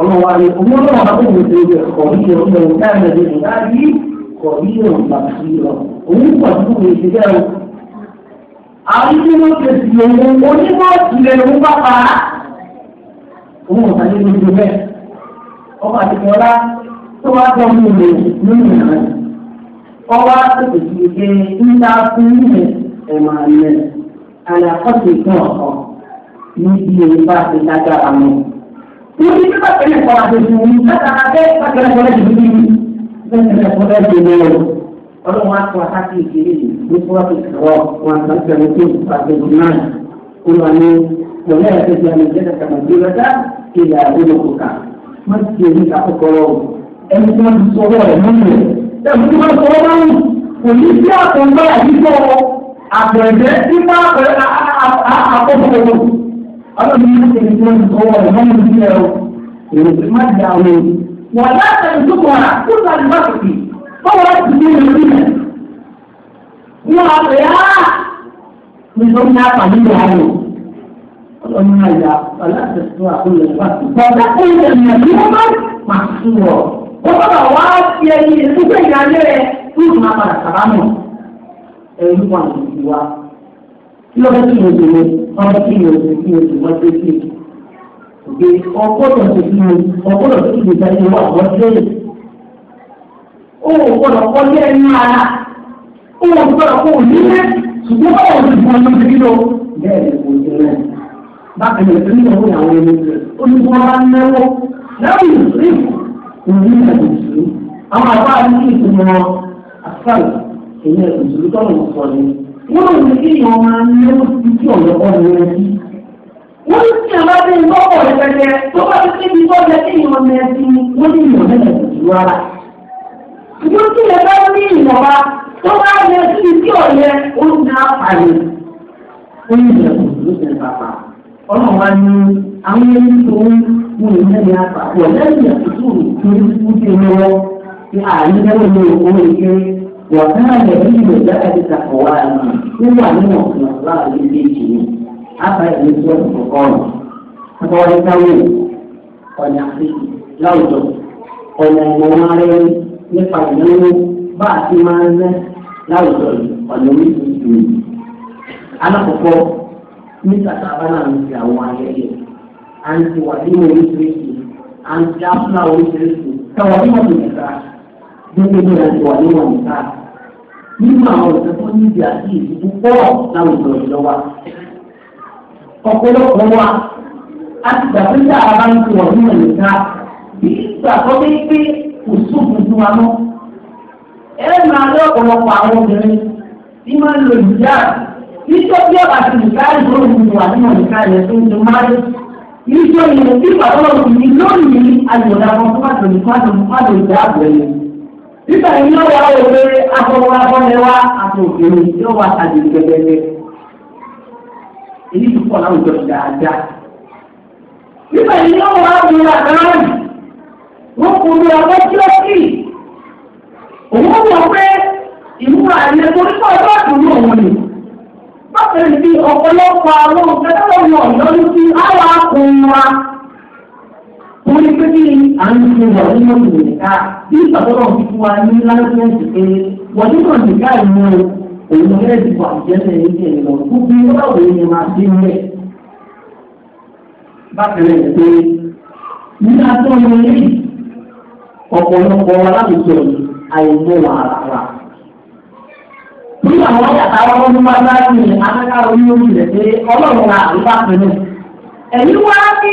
ọlọ́wà ni òun ló wà fún ìwé ìwé kọ̀ọ̀rí ọ̀rọ̀ ìdáàbẹ̀dẹ̀ ìdáàbí kọ̀ọ̀rí ọ̀rọ̀ pàtàkì rọ̀ òun pọ̀ sí ìwé ìṣẹ̀lẹ̀ o. àríkí ló ṣe sí òun onímọ̀ ìlẹ̀ òun bá pa á. òun ò sáré ló ṣe bẹ́ẹ̀. ọkọ̀ àti ìfọ̀lá tó wá jọ mú ilẹ̀ nínú ìrìn rẹ̀. ọwọ́ àtẹ̀tẹ̀ ti ṣe níta fún ilẹ̀ ẹ̀mà ilẹ̀ àlàkọ́sì kan ọ̀kan níbi èyí bá lágbára mọ́. Ini kita kena sekolah di sini, kita kata kita kena sekolah di sini. Kita kena sekolah di sini. Kalau orang tua hati ini, di suatu kalau orang tua itu pasti benar. Ulangi, boleh ada yang menjadi kamu juga tidak dilakukan. Masih ini tak kalau ẹni tí wọ́n ti sọ wọ́n rẹ̀ nínú rẹ̀. Ẹ̀mí tí wọ́n sọ wọ́n rẹ̀ kò ní sí àtúntò àyíkọ́ àpẹẹrẹ nípa àpẹẹrẹ àkọ́kọ́ ọlọ́run ní ṣe ìṣe ìṣòwò ìmọ̀nà ìṣẹ́ o èrò tí má dà o. wọ́n yá sẹ́yìn tó kọ̀ ọ́nà tó sọ àdìbò kìkì bọ́wọ́ ti dé lórí rẹ̀. wọ́n á pè á nítorí náà pàdé ìyá rẹ̀. ọlọ́run náà yà aláṣẹ tó àkóyè wá. bọ̀dá tó ń tẹ̀lé ẹ̀mí wọ́n bá máa sùn wọ̀. ó bọ́dọ̀ wá sí ẹyin ìdúgbò ìyá lọ́dọ̀ tí mo tẹ̀lé ọmọ tí mo tẹ̀lé tí mo tẹ̀lé wá sí sí òkè ọgbọ́dọ̀ tó fi mo ọgbọ́dọ̀ tó fi ìgbà yẹn wà wọ́n sẹ́yìn. ó wò gbọ́dọ̀ kọ́ lé ara ó wò gbọ́dọ̀ kó o nílẹ̀ báwo ni ìfún ọmọ tẹ̀lé lọ. bẹ́ẹ̀ ni kò tẹ̀lé bákan ní ìyàwó ìyàwó ẹni ó ní kí bá náwó lẹ́yìn ìfún òní ìfún àwọn àbá àti ìfún wọn àfáì èyí ẹ̀sùn tó lọ́wọ́ wọ́n ní kéèyàn máa ń lé oṣù tí ọ̀yọ́kọ́ ni wọ́n ti. ní tó bá ti ti wọ́n ní ara. lè bá ní tó bá sí tí ọ̀yẹ ó ń dá àyè. ó ní ìjẹ̀kùn ló ṣe pàpà. ọlọ́run wa ní àwọn ẹni tó ń àpapọ̀ lẹ́yìn wọ̀kánà yẹn ní ìlú jáde takọ̀wá ni wíwà nínú ọ̀sán láàrin méjì ni àbá ìlú tó ọ̀sán kọ́ọ̀rọ̀ àbáwọlé káwé ọ̀nà àfihàn láwùjọ ọ̀nà ìmọ̀ràn ara ẹni nípa ìnáwó bá a ti máa ń rẹ́ láwùjọ ọ̀nà oríṣiríṣi ni. alákọ̀ọ́kọ́ ní sàtàbánà ń fi àwọn ayẹyẹ à ń ti wà nínú oríṣiríṣi à ń ti áfúlà oríṣiríṣi táwọn bí wọ́n ti nìka gbogbo ìgbìyànjú wà nínú ọ̀nà nínú àwọn òṣèlú tó ní ibi àti ìdìbò pọ̀ láwùjọ ìjọba. ọ̀pọ̀lọpọ̀ wa a ti gbà pé dáa bá ń ti wọ̀ nínú ìta èyí gbà tó dé pé kò sóògùn fún wa mọ́. ẹ máa lé ọ̀pọ̀lọpọ̀ àwọn obìnrin tí máa ń lo ìjà níjọ́ bí ọ̀bà ti ìka ìjọ òògùn wà nínú ìka rẹ̀ tó ń lo máyé. níjọ́ yẹn bí ìgbà tó lọ́ọ̀rùn ní lónìí àyọ̀dà kan tó má nígbà yìí yóò wá òwe afọwọ́lábọ́nẹ́wá àti òkèèrè yóò wá àdé gẹ́gẹ́gẹ́. èyí ti pọ̀ láwùjọ dáadáa. nígbà yìí yóò wá òwe àgbáyé wọ́n kò lu ọgbẹ́ tí ó kì í. òun wọ pé ìmúra ilẹ̀ torí pọ̀ ọjọ́ àtúnú òun ni. bákan ní ọ̀pọ̀lọpọ̀ àwọn òṣèlú ọ̀yọ́ ní ti àwọn akùnrin wa. onye ní pé kí à ń ṣe wà nínú ìlú nìka bí nwere ni máa ṣe ń bẹ̀. bákan náà pé ní atọ́ ní ilé ọ̀pọ̀lọpọ̀ aláwùjọ àìmọ̀ wà rárá. ma àwọn àyàtà akẹ́kọ̀ọ́ ní orí rẹ̀ pé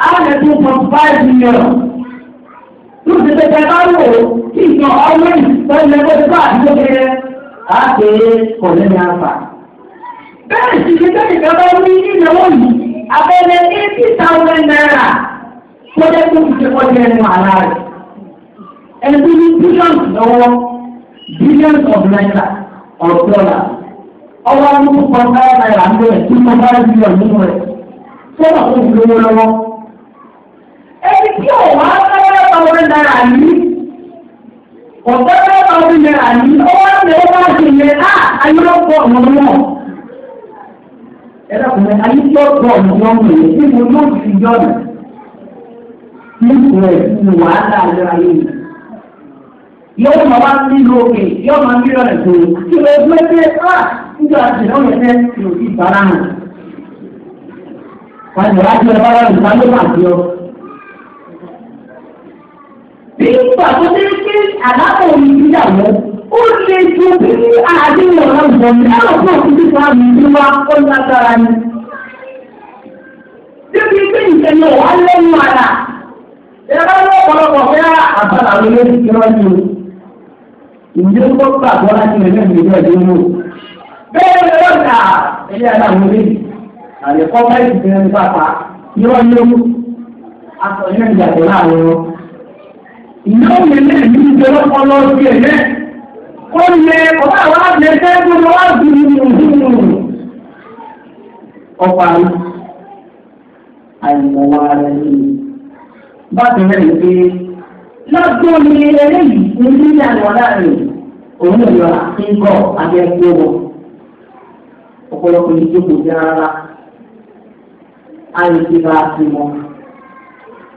hundred two point five million tó ti tẹ̀sẹ̀ bá wò kí ìtàn ọ̀wẹ́yìn pẹ̀lú ẹgbẹ́ tó bá àdúgbò kẹrẹ àti kọ̀lẹ́ni àfà. bẹ́ẹ̀ sì ni bẹ́ẹ̀ ìjọba ní ìnáwó yìí abẹ́lẹ̀ eighty thousand naira tó dé tó ti ṣe kọ́jà ẹnu àlá rẹ̀ ẹni ní billions lọ́wọ́ billions of naira or dollars ọwọ́ amúkú kan náírà ń bẹ̀rẹ̀ two point five million nínú rẹ̀ tó wà fún ìlú lọ́wọ́ ẹni tí ò wá sẹ́wọ́n tọ́wọ́ náírà ní ọ̀sẹ́wọ́n tọ́wọ́ náírà ní ọwọ́ ṣe ó bá ṣe yẹ á ayọ́pọ̀ ọ̀nàmọ́ ẹ̀rọ kùnrin ayọ́pọ̀ ọ̀nàmọ́ rẹ̀ tí mo yóò fi yọ̀nà nípò ẹ̀ ní wàhálà àjọra yìí yóò máa wá nílò òkè yóò máa ń bírọ̀ ẹ̀dùn kí ló gbé dé á nígbà tí wọ́n yẹ fẹ́ lòdì bàrà hàn. wọ́n yẹ wá jẹ́ ọlọ́run ìgbàlódé àti ọ nígbà tó dé pé àdápọ̀ ìgbéyàwó ó lè ju bí àdéhùn ọ̀rọ̀ ìwọ̀n ní àlọ́pọ̀ òkúté fún àmì ìdíwá ó lágbára ni. Débi pé ìṣẹ̀lẹ̀ wà lẹ́nu ara. Ìjọba ló pọ̀lọpọ̀ pé àbálà ló lé ìjọba ní o. Ìjọba tó gbàgbọ́ láti ẹ̀jẹ̀ ìjọba ìjọba ní o. Bẹ́ẹ̀ ni wọ́n kà ilé aláwọ̀ lé. Àlẹ́kọ́ bá ìṣẹ̀lẹ̀ nípa pa. Yọ́ọ́ ní o. Aṣọ yẹn ìgbàgbọ́ láàrin wọn ìyáwó yẹn náà ní ìjọba kan lọ sí ẹ̀ náà ó lè ọba àwọn àgbẹ̀sẹ̀ tó lọ wá sí ìlú ọ̀pá àìmọ̀wá rẹ̀ ní. bákan náà ní pé lọ́dún ní eléyìí ní nílẹ̀ àlọ́lá rẹ̀ òun ìlọ àkínkọ́ abẹ́gbẹ́ wọn ọ̀pọ̀lọpọ̀ ìjókòó jẹ́ rárá àìsí bá a ti mọ́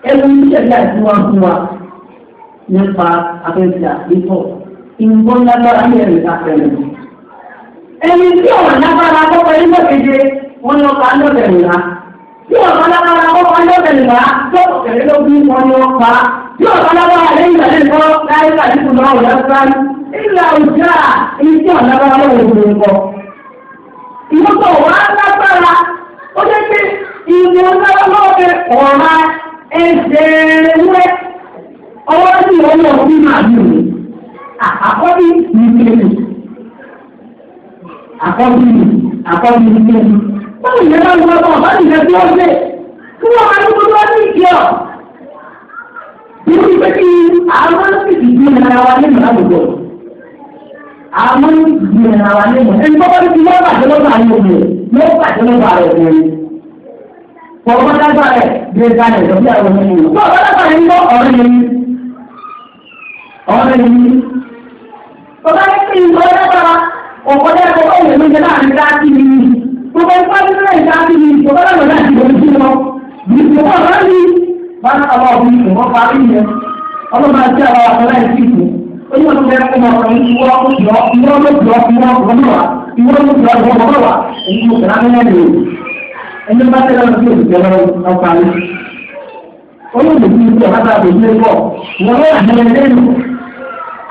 ẹnu iṣẹ́ bí àti wọn fún wa nípa abẹ́sẹ̀ àgbékọ̀. Ìgbọ́n lágbára ní ẹ̀rì àfẹ́lẹ̀. Ẹni tí ọ̀rọ̀ lágbára kọ́kọ́ yín lọ́kẹ́jẹ, wọ́n lọ pa lọ́bẹ̀ nìlá. Tí ọ̀rọ̀ lágbára kọ́kọ́ lọ́bẹ̀ nìlá, lọ́kọ̀ tẹ̀lé lógún wọn ni wọ́n pa. Tí ọ̀rọ̀ lágbára lẹ́yìn ìgbàlẹ́ ìkọ́ láyé ìgbàlẹ́ ìkùnà ọ̀rọ̀ lásán. Ìlà òjá ẹni tí ọ̀rọ̀ lágbára lọ́wọ́ ìkọ́. Ìwọ́pọ̀ wá lágbára, ó jẹ́ pé ìwọ̀n lágbára lọ́wọ́ ọwọ́ sí ọwọ́ ọdún máa bí mi àkọ́bí mi kéde àkọ́bí mi àkọ́bí mi kéde báwo ni ẹ bá ń gbọ́ bọ́ bá ti lẹ́tọ́ ọ́sẹ̀ kí wọ́n máa ń gbọ́dọ̀ ní ìdí ọ̀ nínú pé kí àwọn ìdí ìdí ara wa nínú àwùjọ àwọn ìdí ara wa nínú ẹni tó bá ti lọ́ọ́ bàjẹ́ lọ́ọ́ bàjẹ́ lọ́ọ́ lọ́ọ́ bàjẹ́ lọ́ọ́ bàjẹ́ lọ́ọ́ Fọwọ́n dágbà rẹ̀ bí ẹ̀ka rẹ̀ lọ́bí àwọn ọmọ yìí. Bọ́ọ̀ bá dágbà rẹ̀ ń lọ ọ̀rẹ́ yẹn ni ọ̀rẹ́ mi. Bàbá yẹn fi ìwọ ẹlẹ́tara ọ̀pọ̀lọpọ̀ ẹ̀kọ́ bá ìwé méje láàrin dáàtì mi. Gbogbo ẹ̀kọ́ ní sílẹ̀ dáàtì mi, bàbá lọ́dọ̀ náà ti wọlé sí ń sọ bàtà àbòjúlé pọ̀ ìwọ ló wà ẹgbẹ́ mi.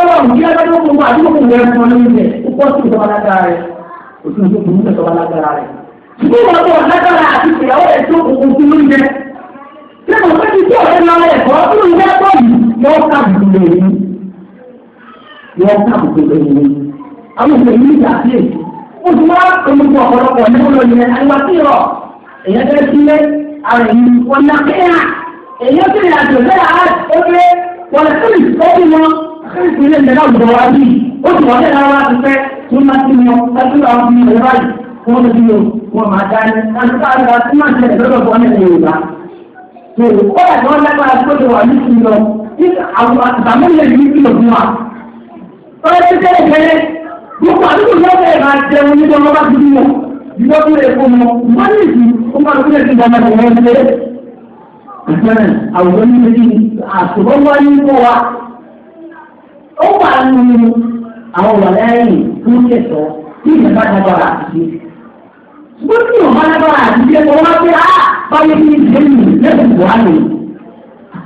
ọlọ́run bí ẹgbẹ́ tó gbogbo àdúgbò kò lẹ́nu wọn lórí rẹ̀ ó pọ̀ sí ìjọba lágbára rẹ̀ kò sí ìjọba burúkú ìjọba lágbára rẹ̀. ṣùgbọ́n wọn bọ̀ lágbára àti ìyàwó ẹ̀ tó gbogbo sí lórí rẹ̀. ṣé mo fẹ́ ti tí ọ̀rẹ́ lọ rẹ̀ kọ́ tó ń yá pọ̀ yìí yọ ká gbogbo èyí yọ ká gbogbo èyí. àwọn òṣèlú yìí gbà sí èyí. ó ti wá olùkọ́ ọ̀pọ̀lọpọ̀ nígbà lónìí ẹ̀ wọ́n lè fún ìfọ́bí wọn káyọ̀tì ilé ìlẹ̀ náà lọ́wọ́ wájú ó sì wọlé náà wá fẹ́ tó máa ti yan ẹtú àwọn fi ilẹ̀ báyìí wọ́n ti yan wọn máa dání àti káyọ̀ àti máa ti ẹ̀dọ́ lọ́wọ́ ní ilẹ̀ yorùbá. ó yà tó ń lágbára tó lè wà nísìnyí lọ àgbàmúlẹ̀ yìí ti lọ fún wa. ọ̀rẹ́ ti tẹ́lẹ̀ tẹ́lẹ̀ gbogbo àdúgbò náà fẹ́ẹ́ máa jẹun níbi ọmọ bá ti bí wọn ìwọ́n lè fún wọn wọ́n ní méjì ó wà nínú àwọn wàláyìn tó ń ṣẹ̀tọ́ tí ìjọba dábàrà àti ṣùgbọ́n tí ìjọba dábàrà àti ṣe kọ́ wá pé á ah, báyé ní ìdílé lẹ́sùn bọ̀ àlè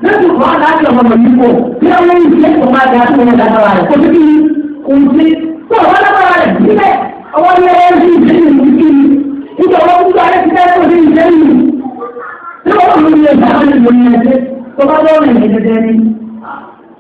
lẹ́sùn bọ̀ àlè àti ọmọ mi kò bí wọ́n ní ìdílé tó máa dá sí ọmọ dábàrà rẹ̀ kó tó kí ni kò ń ṣe tó ọmọ dábàrà rẹ̀ sílẹ̀ ọmọ ní ẹ ní ìdílé ní ìdílé nígbà wọn kú ayé ti dẹ́ tó ní ìdílé ní ìdílé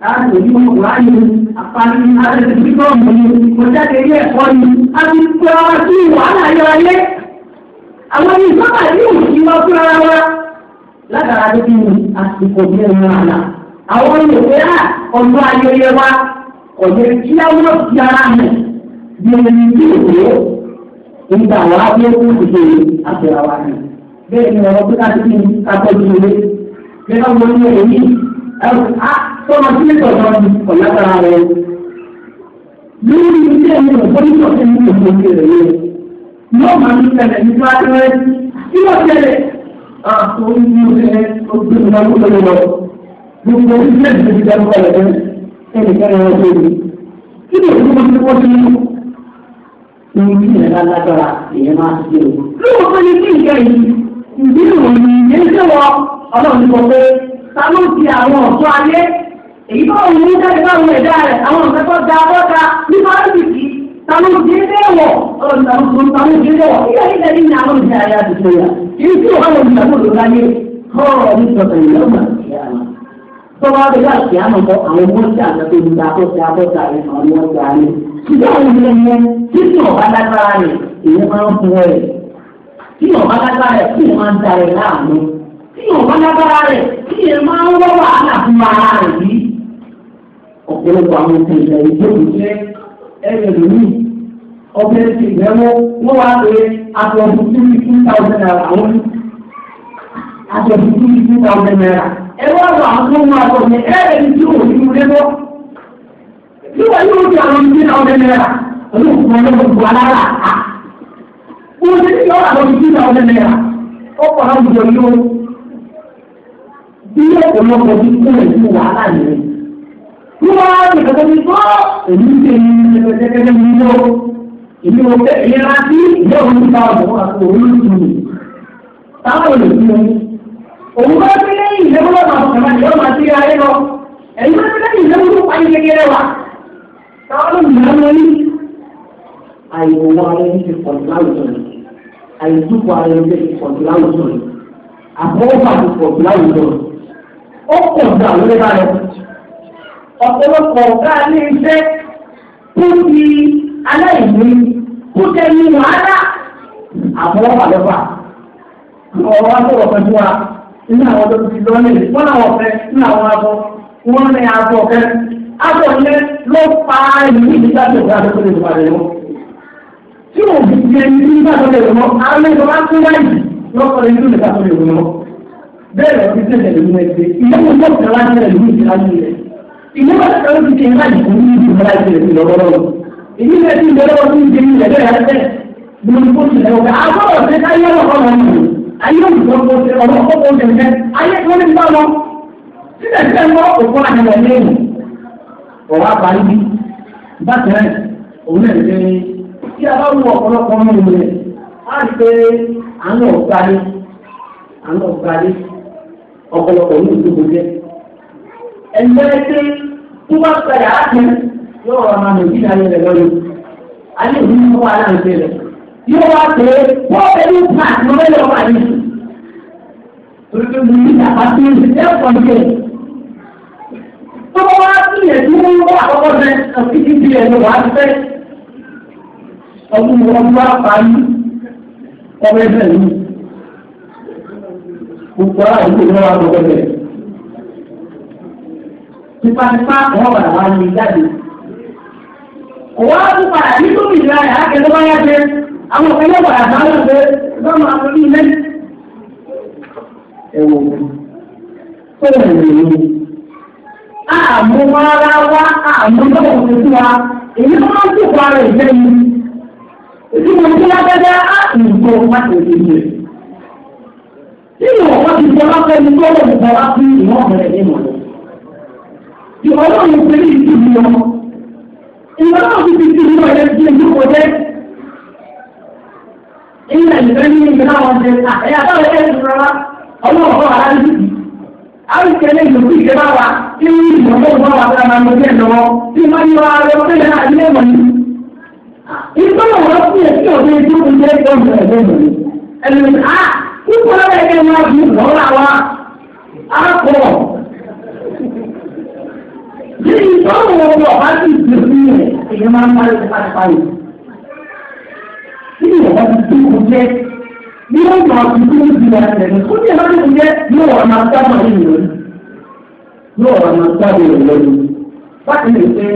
láti òní wọn kò ráyè àpárí láti ìdí tó mú mi mo jáde ilé ẹ̀kọ́ ni a ti pẹ́ ọ sí wàhálà yọ ayé àwọn ẹni sábà yóò sí wọn fún ara wa látara tó kí ni àsìkò bí ẹnu àlà àwọn ẹni òwe à ọdún ayẹyẹ wa ọ̀dẹ tí àwọn ti ara mi bí ẹni tí òwe ìgbà wa bí ó kú ìṣe àbẹ̀rẹ̀ wa ni bẹ́ẹ̀ ni ọ̀rọ̀ pé ti kí ni ká tọ́jú ilé wọ́n ní èyí ẹ̀rù á tọ́mọ sí ní tọ̀tọ̀ rẹ̀. lórí ilé ẹni òfin tọ̀tọ̀ ní ìlú òkèèrè rẹ̀ yóò máa ń tẹ̀lẹ̀ ní fúlàtẹ́rẹ́ kí ló tẹ̀lẹ̀ àtò ní ọ̀rẹ́ ọgbẹ́ ìgbàlú lọ́wọ́ lọ gbogbo orílẹ̀ èdè ti dárúkọ rẹ̀ bẹ́ẹ̀ ẹnìkan ẹ̀rọ tó ní kí ló tó máa ń kọ́ sí ní ní ìrẹ̀lá lágbára èèyàn máa ti dé lóòótọ́ tó kí nǹkan yìí èyí tó wù ní jáde bá wọn ẹ̀dá rẹ̀ àwọn nǹkan tó da bọ́ta nípa ọ́sìkì táwọn òjèlé wọ̀ táwọn òjèlé wọ̀ ilé ilé ní ní àwọn òjèlé ayé àti ìṣẹ̀yà èyí tí wọ́n wọ̀ nígbà tó lò láyé kọ́ọ̀rọ̀ ní sọ̀tàn ìlú ọ̀gbà tọ́wọ́ abẹ́lé àti àmọ̀ kọ́ àwọn ọmọ ìṣẹ́ àgbàdo ìgbà tó da bọ́ta rẹ̀ àwọn ọmọ ìgbà rẹ̀ ṣùgbọ́n àwọn ilé yẹn tí ọ̀bá lágbára rẹ̀ èyí máa ń fún ẹ̀ tí ọ̀bá lágbára rẹ̀ tí ọ̀pọ̀lọpọ̀ àwọn òkè ilẹ̀ jẹ́ ẹ̀rọ lórí ọbẹ̀ ti ìgbẹ́wọ́ wọ́n wá pé aṣọ fifty two thousand naira àwọn two thousand naira àwọn tó ń aṣọ ní tí ní tí wọ́n yóò àwọn naira alára ti ní ọ̀rọ̀ àwọn naira ọ̀pọ̀ nígbà tí kòtò ti sọ èmi ń tẹ ní ẹgbẹ́jẹ́gbẹ́ mi lọ èmi ò fẹ́ ìlera sí ìyá òun ti ta ọ̀bọ̀ àti òun ló tù mí táwọn èlò sí wọn. òun bá ti lẹ́yìn ìlẹ́wọ́ lọ́wọ́ àwọn kàmá ìyá ọmọ àti ayé lọ ẹ̀yin bá ti lẹ́yìn ìlẹ́wọ́ lọ́wọ́ ayé kékeré wa táwọn ló ń lọ ní. àyẹ̀wò ara ẹni ti pọ̀ láwùjọ àyẹ̀dúkọ̀ ara ẹni ti pọ̀ láwùjọ ni ọ̀pọ̀lọpọ̀ ọ̀gá ilé iṣẹ́ tó ti aláìní tó tẹ ní ara àwọn ọ̀rọ̀ wa sọ̀rọ̀ pẹ̀lú wa nínú àwọn tó ti lọ nílé ọ̀fẹ́ nínú àwọn abọ́ ní abọ́ ọ̀fẹ́ abọ́ ilé ló pa ìlú ìdíjà tó tó ìlú bá tẹ̀lé ti ṣe ńlá ìlú ní ibi ìlú láti rẹ̀ lọ́wọ́lọ́wọ́ ìdí rẹ̀ ti lọ́wọ́ tó ń jẹ́ ilẹ̀ lẹ́yà tẹ̀ lórí kó ti lẹ́wọ́ pé àbọ̀rọ̀ ṣe káyé ọ̀rọ̀ wọn nù ayé òkùnkùn kó ṣe ọ̀rọ̀ kó kó ṣe ṣe ayé tó ní bá wọn síbẹ̀ síbẹ̀ ń bọ́ òkú àyẹ̀wò lẹ́yìn ọ̀rọ̀ àbáyé bákan náà òun náà ṣe tí a bá wù ọ̀pọ̀lọpọ̀ ọmọ ìlú rẹ̀ á rí pé àwọn ọ̀gbálẹ̀ àwọn ọ̀gbálẹ̀ ọ̀pọ̀lọpọ̀ ní ìdókòjẹ́ ẹ̀ńdẹ́rẹ́sẹ́ tó bá padà á jẹ yóò rọra máa lòdì náà yẹn lọ́yọ̀ alẹ́ òní ni wọ́n wà láwọn ìṣe rẹ̀ yóò wá pé wọ́n fẹ́ ní pàṣẹ lọ́wọ́ yóò wà ní sùn torí pé mo ní àpàtì ẹ̀kọ́ ìṣe tó bá wá sí ẹ̀dí wọ́n wá àkọ́kọ́ rẹ̀ àfikún bí ẹ̀ ló wà á fẹ́ ọdún wọn bá parí ọmọ ẹgbẹ́ mi. Gbogbo àwọn ìṣòro wa gbọ́dọ̀ bẹ̀rẹ̀ tipatipa wọn bá wà ní jáde. Òwò àkókò àti tóbi ìlà rẹ̀ á kẹ́lẹ́ wáyà pé àwọn òfin yóò padà sáré pé bá máa fi ní ilé. Ẹ̀wọ̀ tó lè rìn ní. Àmúmọ́ra wá àmúmọ́ra òfin fún wa. Èyí tó máa ń tì pa rẹ̀ jẹ́ mi. Èyí mo ti lágbẹ́dẹ́ á nǹkan láti òde jẹ. Nínú ọ̀pọ̀ ti sọ lọ́pẹ́ ní tó lè bọ̀ wá sí ìmọ̀ ọ̀rẹ́ nínú ọ̀rẹ́. tí ọrụ ṣe ní ìtìlú lọ. ìwọ́n náà fi ti ti ìlú ọ̀rẹ́ sí ẹni kò jẹ́. ilẹ̀ ìfẹ́ ní Bí ìtọ́nù wọn bọ̀ bá ti di fún èyí máa ń parí pátápátá. Bí ìwọ̀n ti tó kù jẹ́, bí wọ́n gbà ọ̀sùn tó ń di ẹsẹ̀ ní kó jẹ́ lọ́dún jẹ́ yóò wọ̀ máa sábà nínú lórí. Yóò wọ̀ máa sábà nínú lórí. Bákan lè ṣe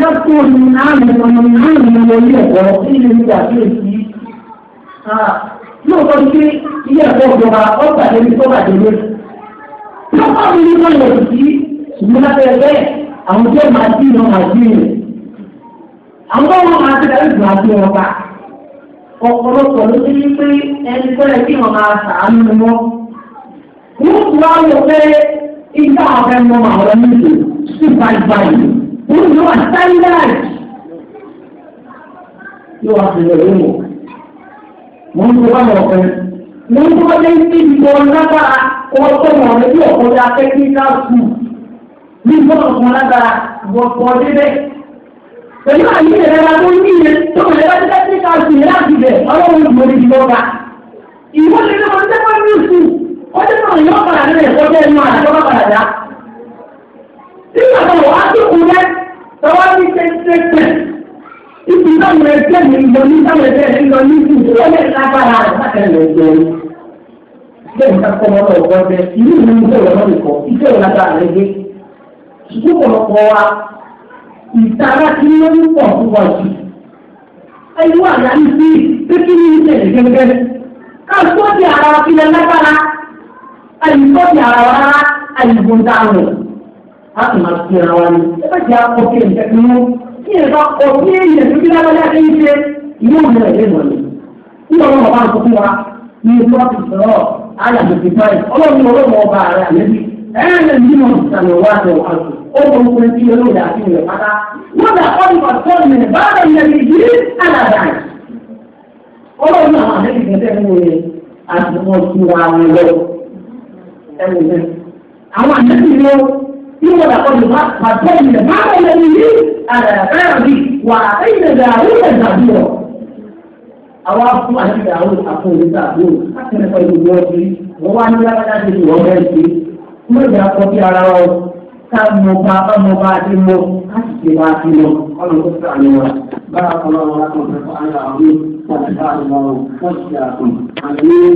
lọ́kùn ní àmì ọmọ ní àmì ọmọ ilé ẹ̀kọ́ sí ilé ìgbà tó èsì. Yóò sọ pé ilé ẹ̀kọ́ ìjọba ọ̀gbà lórí tó bàjẹ́ lórí. Lọ́kọ̀ mi ní àwọn tí ó máa sí ìlú máa sí ìlú àwọn tó wọn máa ti darí ìlú àti wọn bá ọ̀pọ̀lọpọ̀ ló ti ní pé ẹni pẹ́rẹ́ kí wọn máa sàánú wọn wọ́n ti wá wọ pé ìgbà ọ̀fẹ́ mọ àwọn nílò sí báyìí wọ́n ti wá sáńdáì yóò wá sí ìlú wọn wọ́n ti wá wọ pé wọ́n ti wá lé sí ìlú lábára ọ̀pọ̀ ọ̀rẹ́ bí ọ̀pọ̀ ní bọ́ọ̀lù kan lágbára wọ̀pọ̀ débẹ̀. pẹ̀lú àyè ìrẹ́ra tó ní iye tó kọ̀ lẹ́wọ́ tẹ́tẹ́ tí ká sì láti bẹ̀ ọlọ́run ìgbò ní ìjọba ọba. ìwọ lè lọ sí ẹgbẹ́ ní ìsù ọjọ́ náà yọ padà nílẹ̀ ìkọjá ẹnu àdàjọba padà dá. tí bàbá wà á tó kún rẹ tọwọ́ ní pẹ́ẹ́pẹ́ ibi náà rẹ tẹ́ mi lọ ní táwọn ẹgbẹ́ rẹ lọ ní ìsù tó lẹ́ ṣùgbọ́n ọ̀pọ̀lọpọ̀ wa ìtara tí wọ́n ń pọ̀ fún wa jù. ẹ̀yú àyà ní sí pékin ní ìṣẹ̀lẹ̀ gẹ́gẹ́. káàkó ti ara wa fi lẹ lágbára àyùkọ́ ti ara wa rárá àyùkọ́ ń dáhùn. a sì máa fi ara wa ní. ẹ bá jẹ́ akọ kí ẹ̀jẹ̀ kan mú. kí ẹ̀ bá kọ kí ẹ̀jẹ̀ tó fi lágbára ṣe ń ìwé òun rẹ̀ lè wọ̀ ní. ní ọlọ́run ọba àkókò wa ní ìlú ọ̀sìn ẹ̀rẹ́ ní mọ̀ sàmì ní wà lù ó kọ́ kó tí ó lóde àti ìwé pátá wọ́n mi bá a yẹ kí ọlọ́run àwọn àdéhùn ń àti wọn lọ àwọn àdéhùn yóò tí mi bá yẹ kí bí wà ẹ̀yìn àwọn mọ̀jà kọ sí ara ọ ká mo bá bá mo bá ti mo á sì ṣe bá ti mo ọ̀rọ̀ tó ti àná wa. بارك الله لكم في القرآن العظيم ونفع الله وإياكم آمين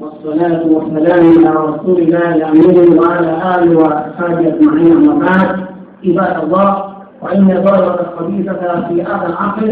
والصلاة والسلام على رسول الله أمير وعلى آله وأصحابه أجمعين أما بعد عباد الله وإن ضربة الخبيثة في هذا العقل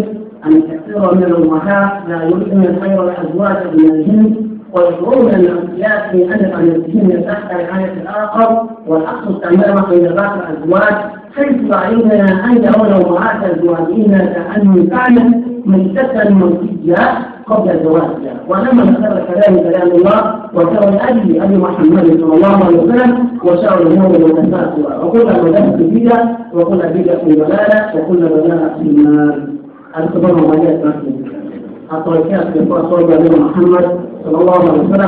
أن كثير من الأمهات لا يؤمن خير الأزواج من الجن ان الأنفياء في أن الأنفياء تحت رعاية الآخر والأخذ تماما بين بعض الأزواج حيث راينا أن يرون أمهات أزواجهن كأن فعلا من سكن منسية قبل زواجها ولما ذكر كلام كلام الله وشاء الأبي أبي محمد صلى الله عليه وسلم وشاء الأمور الناس وكل مدافع بدعة وكل في ضلالة وكل ضلالة في النار. الخبر أذكر الله àtọ̀rọ̀ sí àti ẹ̀kọ́ sọ́ọ́jà ní Muhammad sọlọ́wọ́ ọ̀rọ̀sọ́nà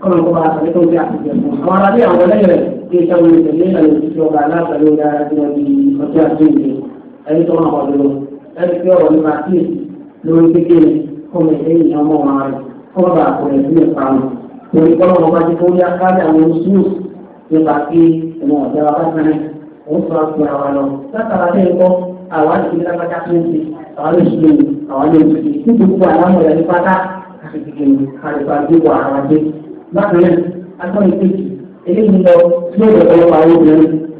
kọ́nà kó bá àtàlẹ́ tó ń bí àtijọ́ àwọn arábí àwọn ẹlẹ́yìn rẹ̀ kí ẹ sáwọn ìtẹ̀lé ìlànà ìtìjọ ọba aláàbàlẹ̀ ọjà àti ọdí ọjọ́ àti ìdè ẹni tó máa wọlé lọ ẹni tí ọ̀rọ̀ nípa tí lórí kékeré kọ́mọ ìlẹ́yìn ìyá ọmọ wọn rẹ̀ kọ́mọ bá àkọlẹ̀ sí ẹ̀ka wọn torí kọ́nà wọn bá ti kó yá káàdì àwọn oṣù nípa kí ẹ̀mọ ọ̀dà àwọn ilé ìtòsí tí gbogbo àwọn ọmọ ìyá pátá àti ìdíje àlùfáà gbogbo àwọn adé bákan náà agbọ́n ìkejì eléyìí lọ obìnrin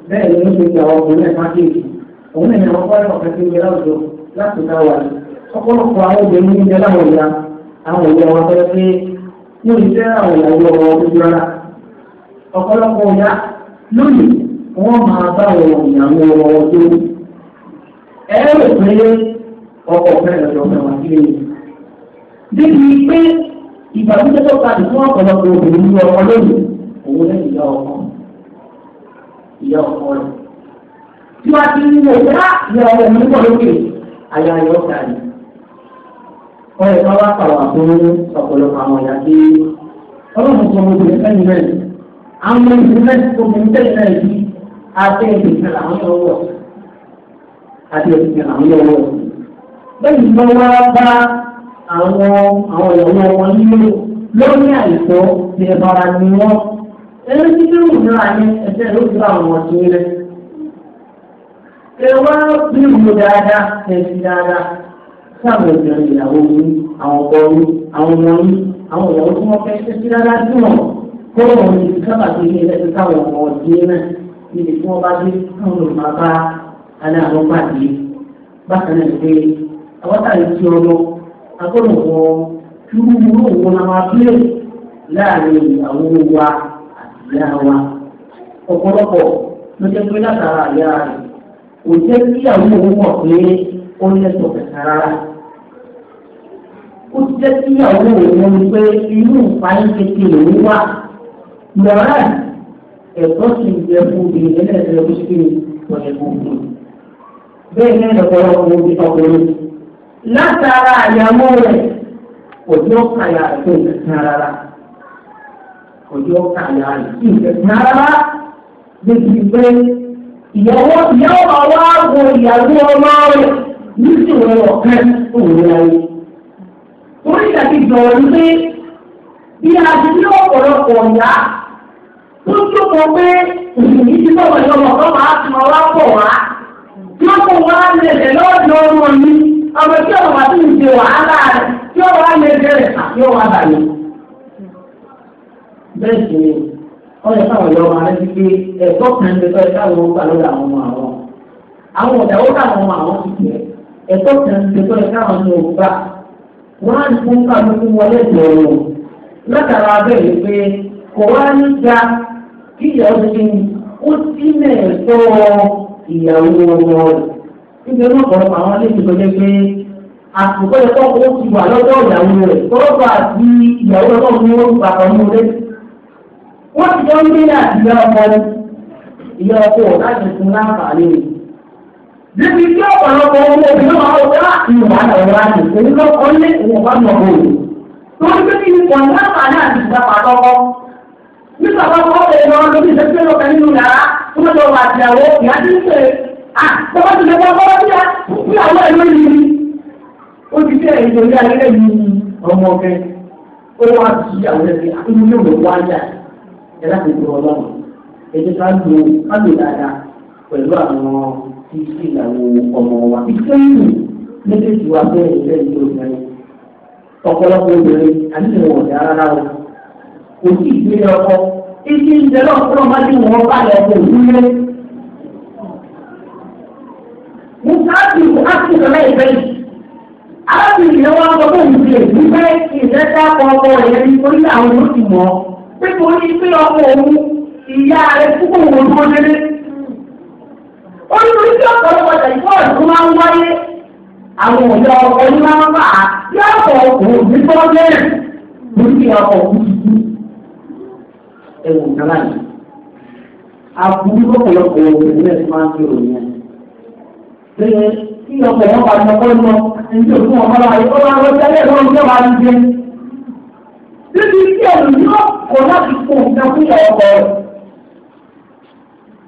bẹ́ẹ̀ ni ó ṣe ti àwọn ọkùnrin ẹ̀ka kéèkì òun àwọn ẹ̀kọ́ kan ti ń yẹ láwùjọ láti ká wà ọ̀pọ̀lọpọ̀ àwọn obìnrin láwọn ìyá àwọn ìyá wọn fẹ́ pé wọ́n ń jẹ́ àwọn ìyàwó ọmọ ọdún rárá ọ̀pọ̀lọpọ̀ ìyá lónìí wọ́n máa bá àwọn ìyàwó ọmọ ọdún ọkọ̀ mẹ́rin lọ fẹ́ wá sílé yìí. Débi pé ìbànújẹ́ tó padì fún ọ̀pọ̀lọpọ̀ obìnrin ní ọkọ lónìí, òun lẹ́yìn ìyá ọkọ. Ìyá ọkọ rẹ̀. Tí wàá ti ní ìwé rá ìyá ọkọ mi pọ̀ lókè, àyà ayọ̀ ọ̀tà yìí. Ọ̀rẹ́ ká wá pàwọ̀ àfún ọ̀pọ̀lọpọ̀ àwọn ìyá pé ọlọ́run sọ mo bèrè sẹ́yìn rẹ̀. Àwọn obìnrin tẹ̀lé náà yìí, àti ìṣẹ̀lẹ̀ lẹ́yìn tó wá bá àwọn àwọn ìyàwó wọn nílò lórí àìsọ ti ẹ̀bára ni wọ́n ẹni tí kí wù náà ní ẹsẹ̀ ló fi àwọn ọmọ tó rẹ̀. ẹ wá bí ìwò dáadáa ẹ̀sìn dáadáa sáwọn ìbẹ̀rẹ̀ ìyàwó mi àwọn ọkọ mi àwọn ọmọ mi àwọn ìyàwó tí wọ́n fẹ́ ẹ̀sìn dáadáa sí wọn kó wọn ní sábà tó yẹ ẹ̀sìn káwọn ọmọ ọdún náà níbi tí wọ́n bá dé káwọn olùmọ̀ bá aláàbọ̀ pàdé bákan àwọn táyà ti ọlọ agbọ́dọ̀ wọ irú òun la máa bílẹ̀ láàrin àwọn wa àti ìyá wa ọ̀pọ̀lọpọ̀ ló jẹ́ pé látara ìyá rẹ̀ kò jẹ́ kí àwọn òun mọ̀ pé ó lẹ́tọ̀ọ́ kẹta rárá ó ti jẹ́ kí àwọn òun ní pé inú ìpáyín kékeré òun wà lọ́rẹ́ ẹ̀tọ́ sì ń jẹ fún mi ẹlẹ́sẹ̀ ó sì ń pọ̀jẹ̀ fún mi bẹ́ẹ̀ ní ẹ̀dọ̀pọ̀lọpọ̀ ọkùnrin látara àyàwó rẹ̀ òjò kàyà tó nǹkan rárá òjò kàyà tó nǹkan rárá lèkì pé ìyàwó ìyàwó àwọn àgbo ìyàwó ọmọ rẹ̀ nítorí wọn ọ̀kan òun ayé. Orí ìdàkì jọ̀wọ́ ni pé bí a ti ní ọ̀pọ̀lọpọ̀ ọ̀yá tó jókòó pé ìyí ti bọ̀ wọ̀nyí ọmọ kan máa tún ọ wá pọ̀ wá. Yọ̀pọ̀ wá lẹ̀lẹ̀ lọ́dọ̀ ọmọ yìí ọmọ tí ọmọ bàtí ń ṣe wàhálà rẹ̀ tí ọmọ wa lè bẹ̀rẹ̀ yóò wá bàyẹ̀. bẹ́ẹ̀ sì ni wọ́n yẹ káwọn ọmọ rẹ̀ ti gbé ẹ̀kọ́ kan lè fẹ́ káwọn ọgbà lórí àwọn ọmọ àwọn. àwọn ọ̀dà ó káwọn ọmọ àwọn ti tẹ̀ ẹ̀kọ́ kan lè fẹ́ káwọn ní òkúta. wọ́n á fún kálukú wọlé ìdọ̀rọ̀ látara abẹ́rẹ́ pé kò wá ní ga kí ìyàwó ti ó tí mẹ́ẹ̀ẹ́tọ́ nítorí ọ̀pọ̀lọpọ̀ àwọn aléṣin jẹ́ pé àsìkò yẹ kọ́ owó ti wà lọ́jọ́ ìyàwó rẹ̀ tọ́lọ́pọ̀ àti ìyàwó ọlọ́run ni wọ́n gbà pọ̀ nínú ilé. wọ́n ti jọ ń gbé ní àtìyá ọkọ ìyá ọkọ láti fún láǹfààní rẹ̀. níbi tí ọ̀pọ̀lọpọ̀ owó obìnrin náà máa wá ìwà àwọn àti òun lọ́kọ́ lé òun bá bò ní láǹfààní àti ìjàpá Ah, bàbá ti dẹ̀kọ́ bọ́lá sí à àwọn ẹ̀rọ yìí ni. Ó ti fẹ́ ìjọba ayẹyẹ ní ọmọ ọ̀fẹ́. Ó wá sí àwọn ẹgbẹ́ akínú yóò lọ wá yà ẹ láti gbọ́ ọlọ́run. Ẹ jẹ́ ká lo ká lò dáadáa pẹ̀lú àwọn tí sí ìyàwó ọmọ wa. Ìkẹ́yìn méjèèjì wa bẹ́ẹ̀ ìlẹ́ ìlú obìnrin. Ọ̀pọ̀lọpọ̀ obìnrin àti ìwọ̀n ọ̀dà rárá o. Kò sí ìgbéyàwó. Ibi ìjẹ́lọ̀ fún láti sọ̀rọ̀ ìfẹ́ yìí. arábìnrin yẹn wá sọ wípé ìrẹsà ọkọ rẹ̀ ní orí àwọn yóò ti mọ̀ pé kò ní pé ọkọ òun ìyá rẹ̀ púpọ̀ wọn tó délé. olùdókòwò tí ọ̀pọ̀lọpọ̀ tẹ̀síwọ̀ tó máa ń wáyé àwọn ọ̀dọ́ ọkọ ní máa ń fà á yọ̀ọ̀kọ̀ òun tó lẹ́rìn lórí ọkọ̀ òun ẹ̀wọ̀n kan láyé aburú lọ́pọ̀lọpọ̀ òun náà ti máa ń fi kí ọkọ̀ wọn bá jọ pọ́n lọ èyí tó fún ọmọ láàyè ó máa wọ́n tẹ́lẹ̀ lọ́wọ́ ní ọba ń jẹ. Níbi tí ẹlòmíràn kọ̀ láti kó nǹkan fún ọkọ̀ rẹ̀.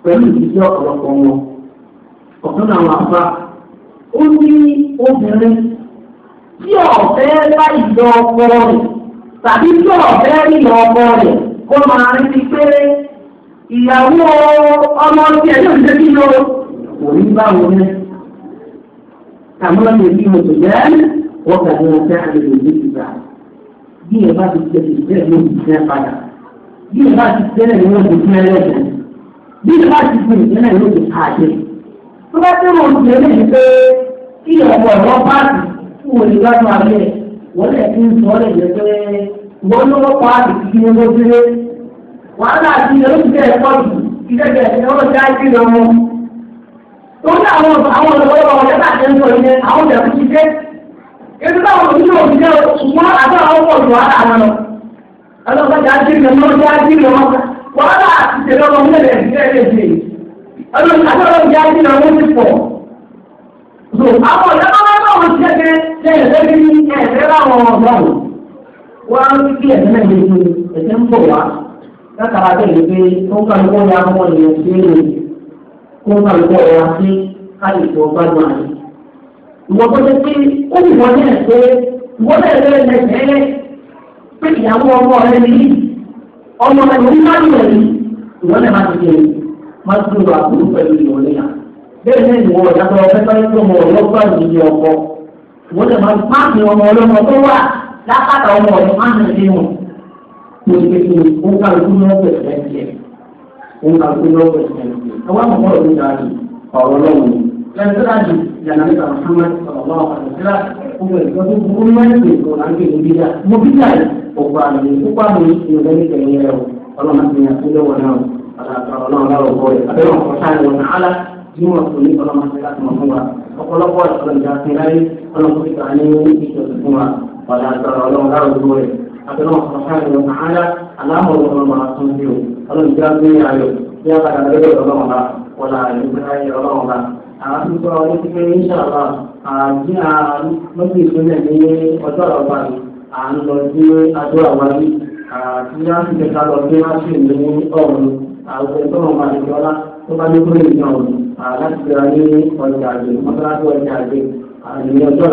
Pẹ̀lú ìdíje ọ̀pọ̀lọpọ̀ wọn, ọ̀kan náà wà fà. Ó ní obìnrin tí ọ̀fẹ́ bá ìjọ ọkọ rẹ̀ tàbí tí ọ̀fẹ́ rí ọkọ rẹ̀ kó máa rí ti pé ìyàwó ọmọ tí ẹ̀ yóò jẹ́ kí lọ. Òní báwo ni? àmọ́ ní bí mo tò yẹn wọ́n kà ní ọjà àlejò ní ìgbà bí ẹ bá ti tẹ ìbẹ́ẹ̀ ló ti tẹ padà bí ẹ bá ti tẹ́lẹ̀ ní wọ́n ti tẹ́ lẹ́sẹ̀ bí ẹ bá ti tẹ ìtẹ́lẹ̀ ló ti pàṣẹ. tó bá tẹ́ wọn tẹ lẹ́yìn pé kí ọ̀pọ̀ ọ̀rọ̀ páàkì fún òní lọ́dún abẹ́ wọ́n lẹ̀ ti ń sọ torí àwọn àwọn ọ̀dọ́gbọ́dọ́ ọ̀jọ́ wọ́n bá lọ́wọ́ ọ̀rọ̀ sí káyọ̀tì ọgbàgbọ́ àyè. Ìwọ́n tó ṣe pé ó wù wọ́n náà pé wọ́n náà lọ́wọ́ lẹ́sẹ̀ pé ìyàwó ọmọ rẹ̀ ọmọ rẹ̀ rẹ̀ ìwọ́n máa ti máa ti lọ pẹ̀lú Bẹ́ẹ̀ ọ̀fẹ́ sáré tó ọkọ. Ìwọ́n máa ọmọ ọlọ́mọ tó wà lápáta ọmọ ọ̀dọ́ máa ń rìn sí wọn. Mo òun kà sí lọ́wọ́ ẹ̀sìn ẹ̀wọ́n àwọn ọmọ òun dáa jù ọ̀rọ̀ lọ́wọ́ lẹ́sẹ̀rẹ́ àjù ìyànà nípa mùsùlùmí ọ̀gbọ́n àwọn àdìsílà gbogbo ìgbọ́n tó burú mẹ́rin ìgbọ̀n àti ìbílẹ̀ mo bí dáa ọ̀pọ̀ àmì púpọ̀ àmì ìrọ̀lẹ́ nígbẹ̀yìn rẹ̀ ọlọ́run àti ìyàtọ̀ lọ́wọ́ náà ọlọ́run lọ́wọ́ bọ̀ ẹ̀ abẹ́rẹ́ ọ̀pọ̀ sáà ni wọ́n náà á yíwọ̀n tó ní ọlọ́run àti ìyàtọ̀ fún wa ọ̀pọ̀lọpọ̀ ọ̀sán ìjà sí láyé ọlọ́run tó ti kà ní ìṣòro fún wa ọ̀dà àtọ̀rọ̀ ọlọ́run lọ́wọ́ bọ̀ ẹ̀ àtẹnumọ sọfàánù wọn àhánà aláàmọ wọn máa tún bí o ọlọ́run já gbé ayọ̀ bí a padà lórí ọlọ́run bá wọn là ní ayé ọlọ́run bá àwọn tó sọ wọn ti pé inṣàlá àti àwọn lọ́sí ìpínlẹ̀ ní ọjọ́ àlọ́bà ni à ń lọ sí adúlá wa ní àti láti kẹta lọ sí láti ní ọ̀run àwọn ẹgbẹ́ wọn máa ní ọlá tó bá ní kúrò ní ọ̀run láti gbéra ní ọjà àgbè mọ́tàlá tó ọjà àgbè àti ní ọjọ́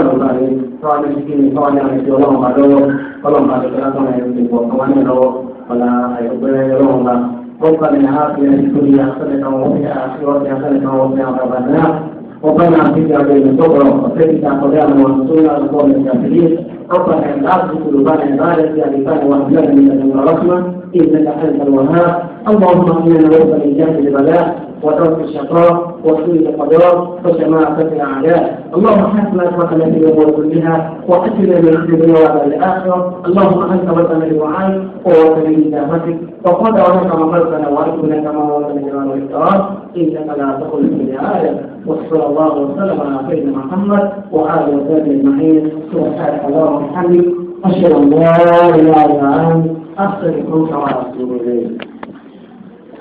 àlọ́bà فلما ذكرتم يمسك وكمان يروا ولا يقبل يرونا ربنا آتنا في الدنيا حسنة وفي الآخرة حسنة وقنا عذاب النار ربنا اتنا بين صبر وثبت اقدامنا وانصرنا على القوم الكافرين ربنا لا تزغ قلوبنا بعد إذ هديتنا وهب لنا من لدنك رحمة إنك أنت الوهاب اللهم إنا نعوذ من جهل البلاء وترك الشقاء وسوء القضاء وشماعة الأعداء، اللهم حسن ربنا في الأمور كلها وأجلنا من الدنيا وعلى الآخرة، اللهم أنت وطن الوعي ووطن إجابتك وقد ولك مقرتنا وأرجو لك موعظة من جمال والإكرام إنك لا تخلف من آية وصلى الله وسلم على سيدنا محمد وآله وصحبه أجمعين سبحانك اللهم وبحمدك أشهد أن لا إله إلا أنت أحسن قول على رسول الله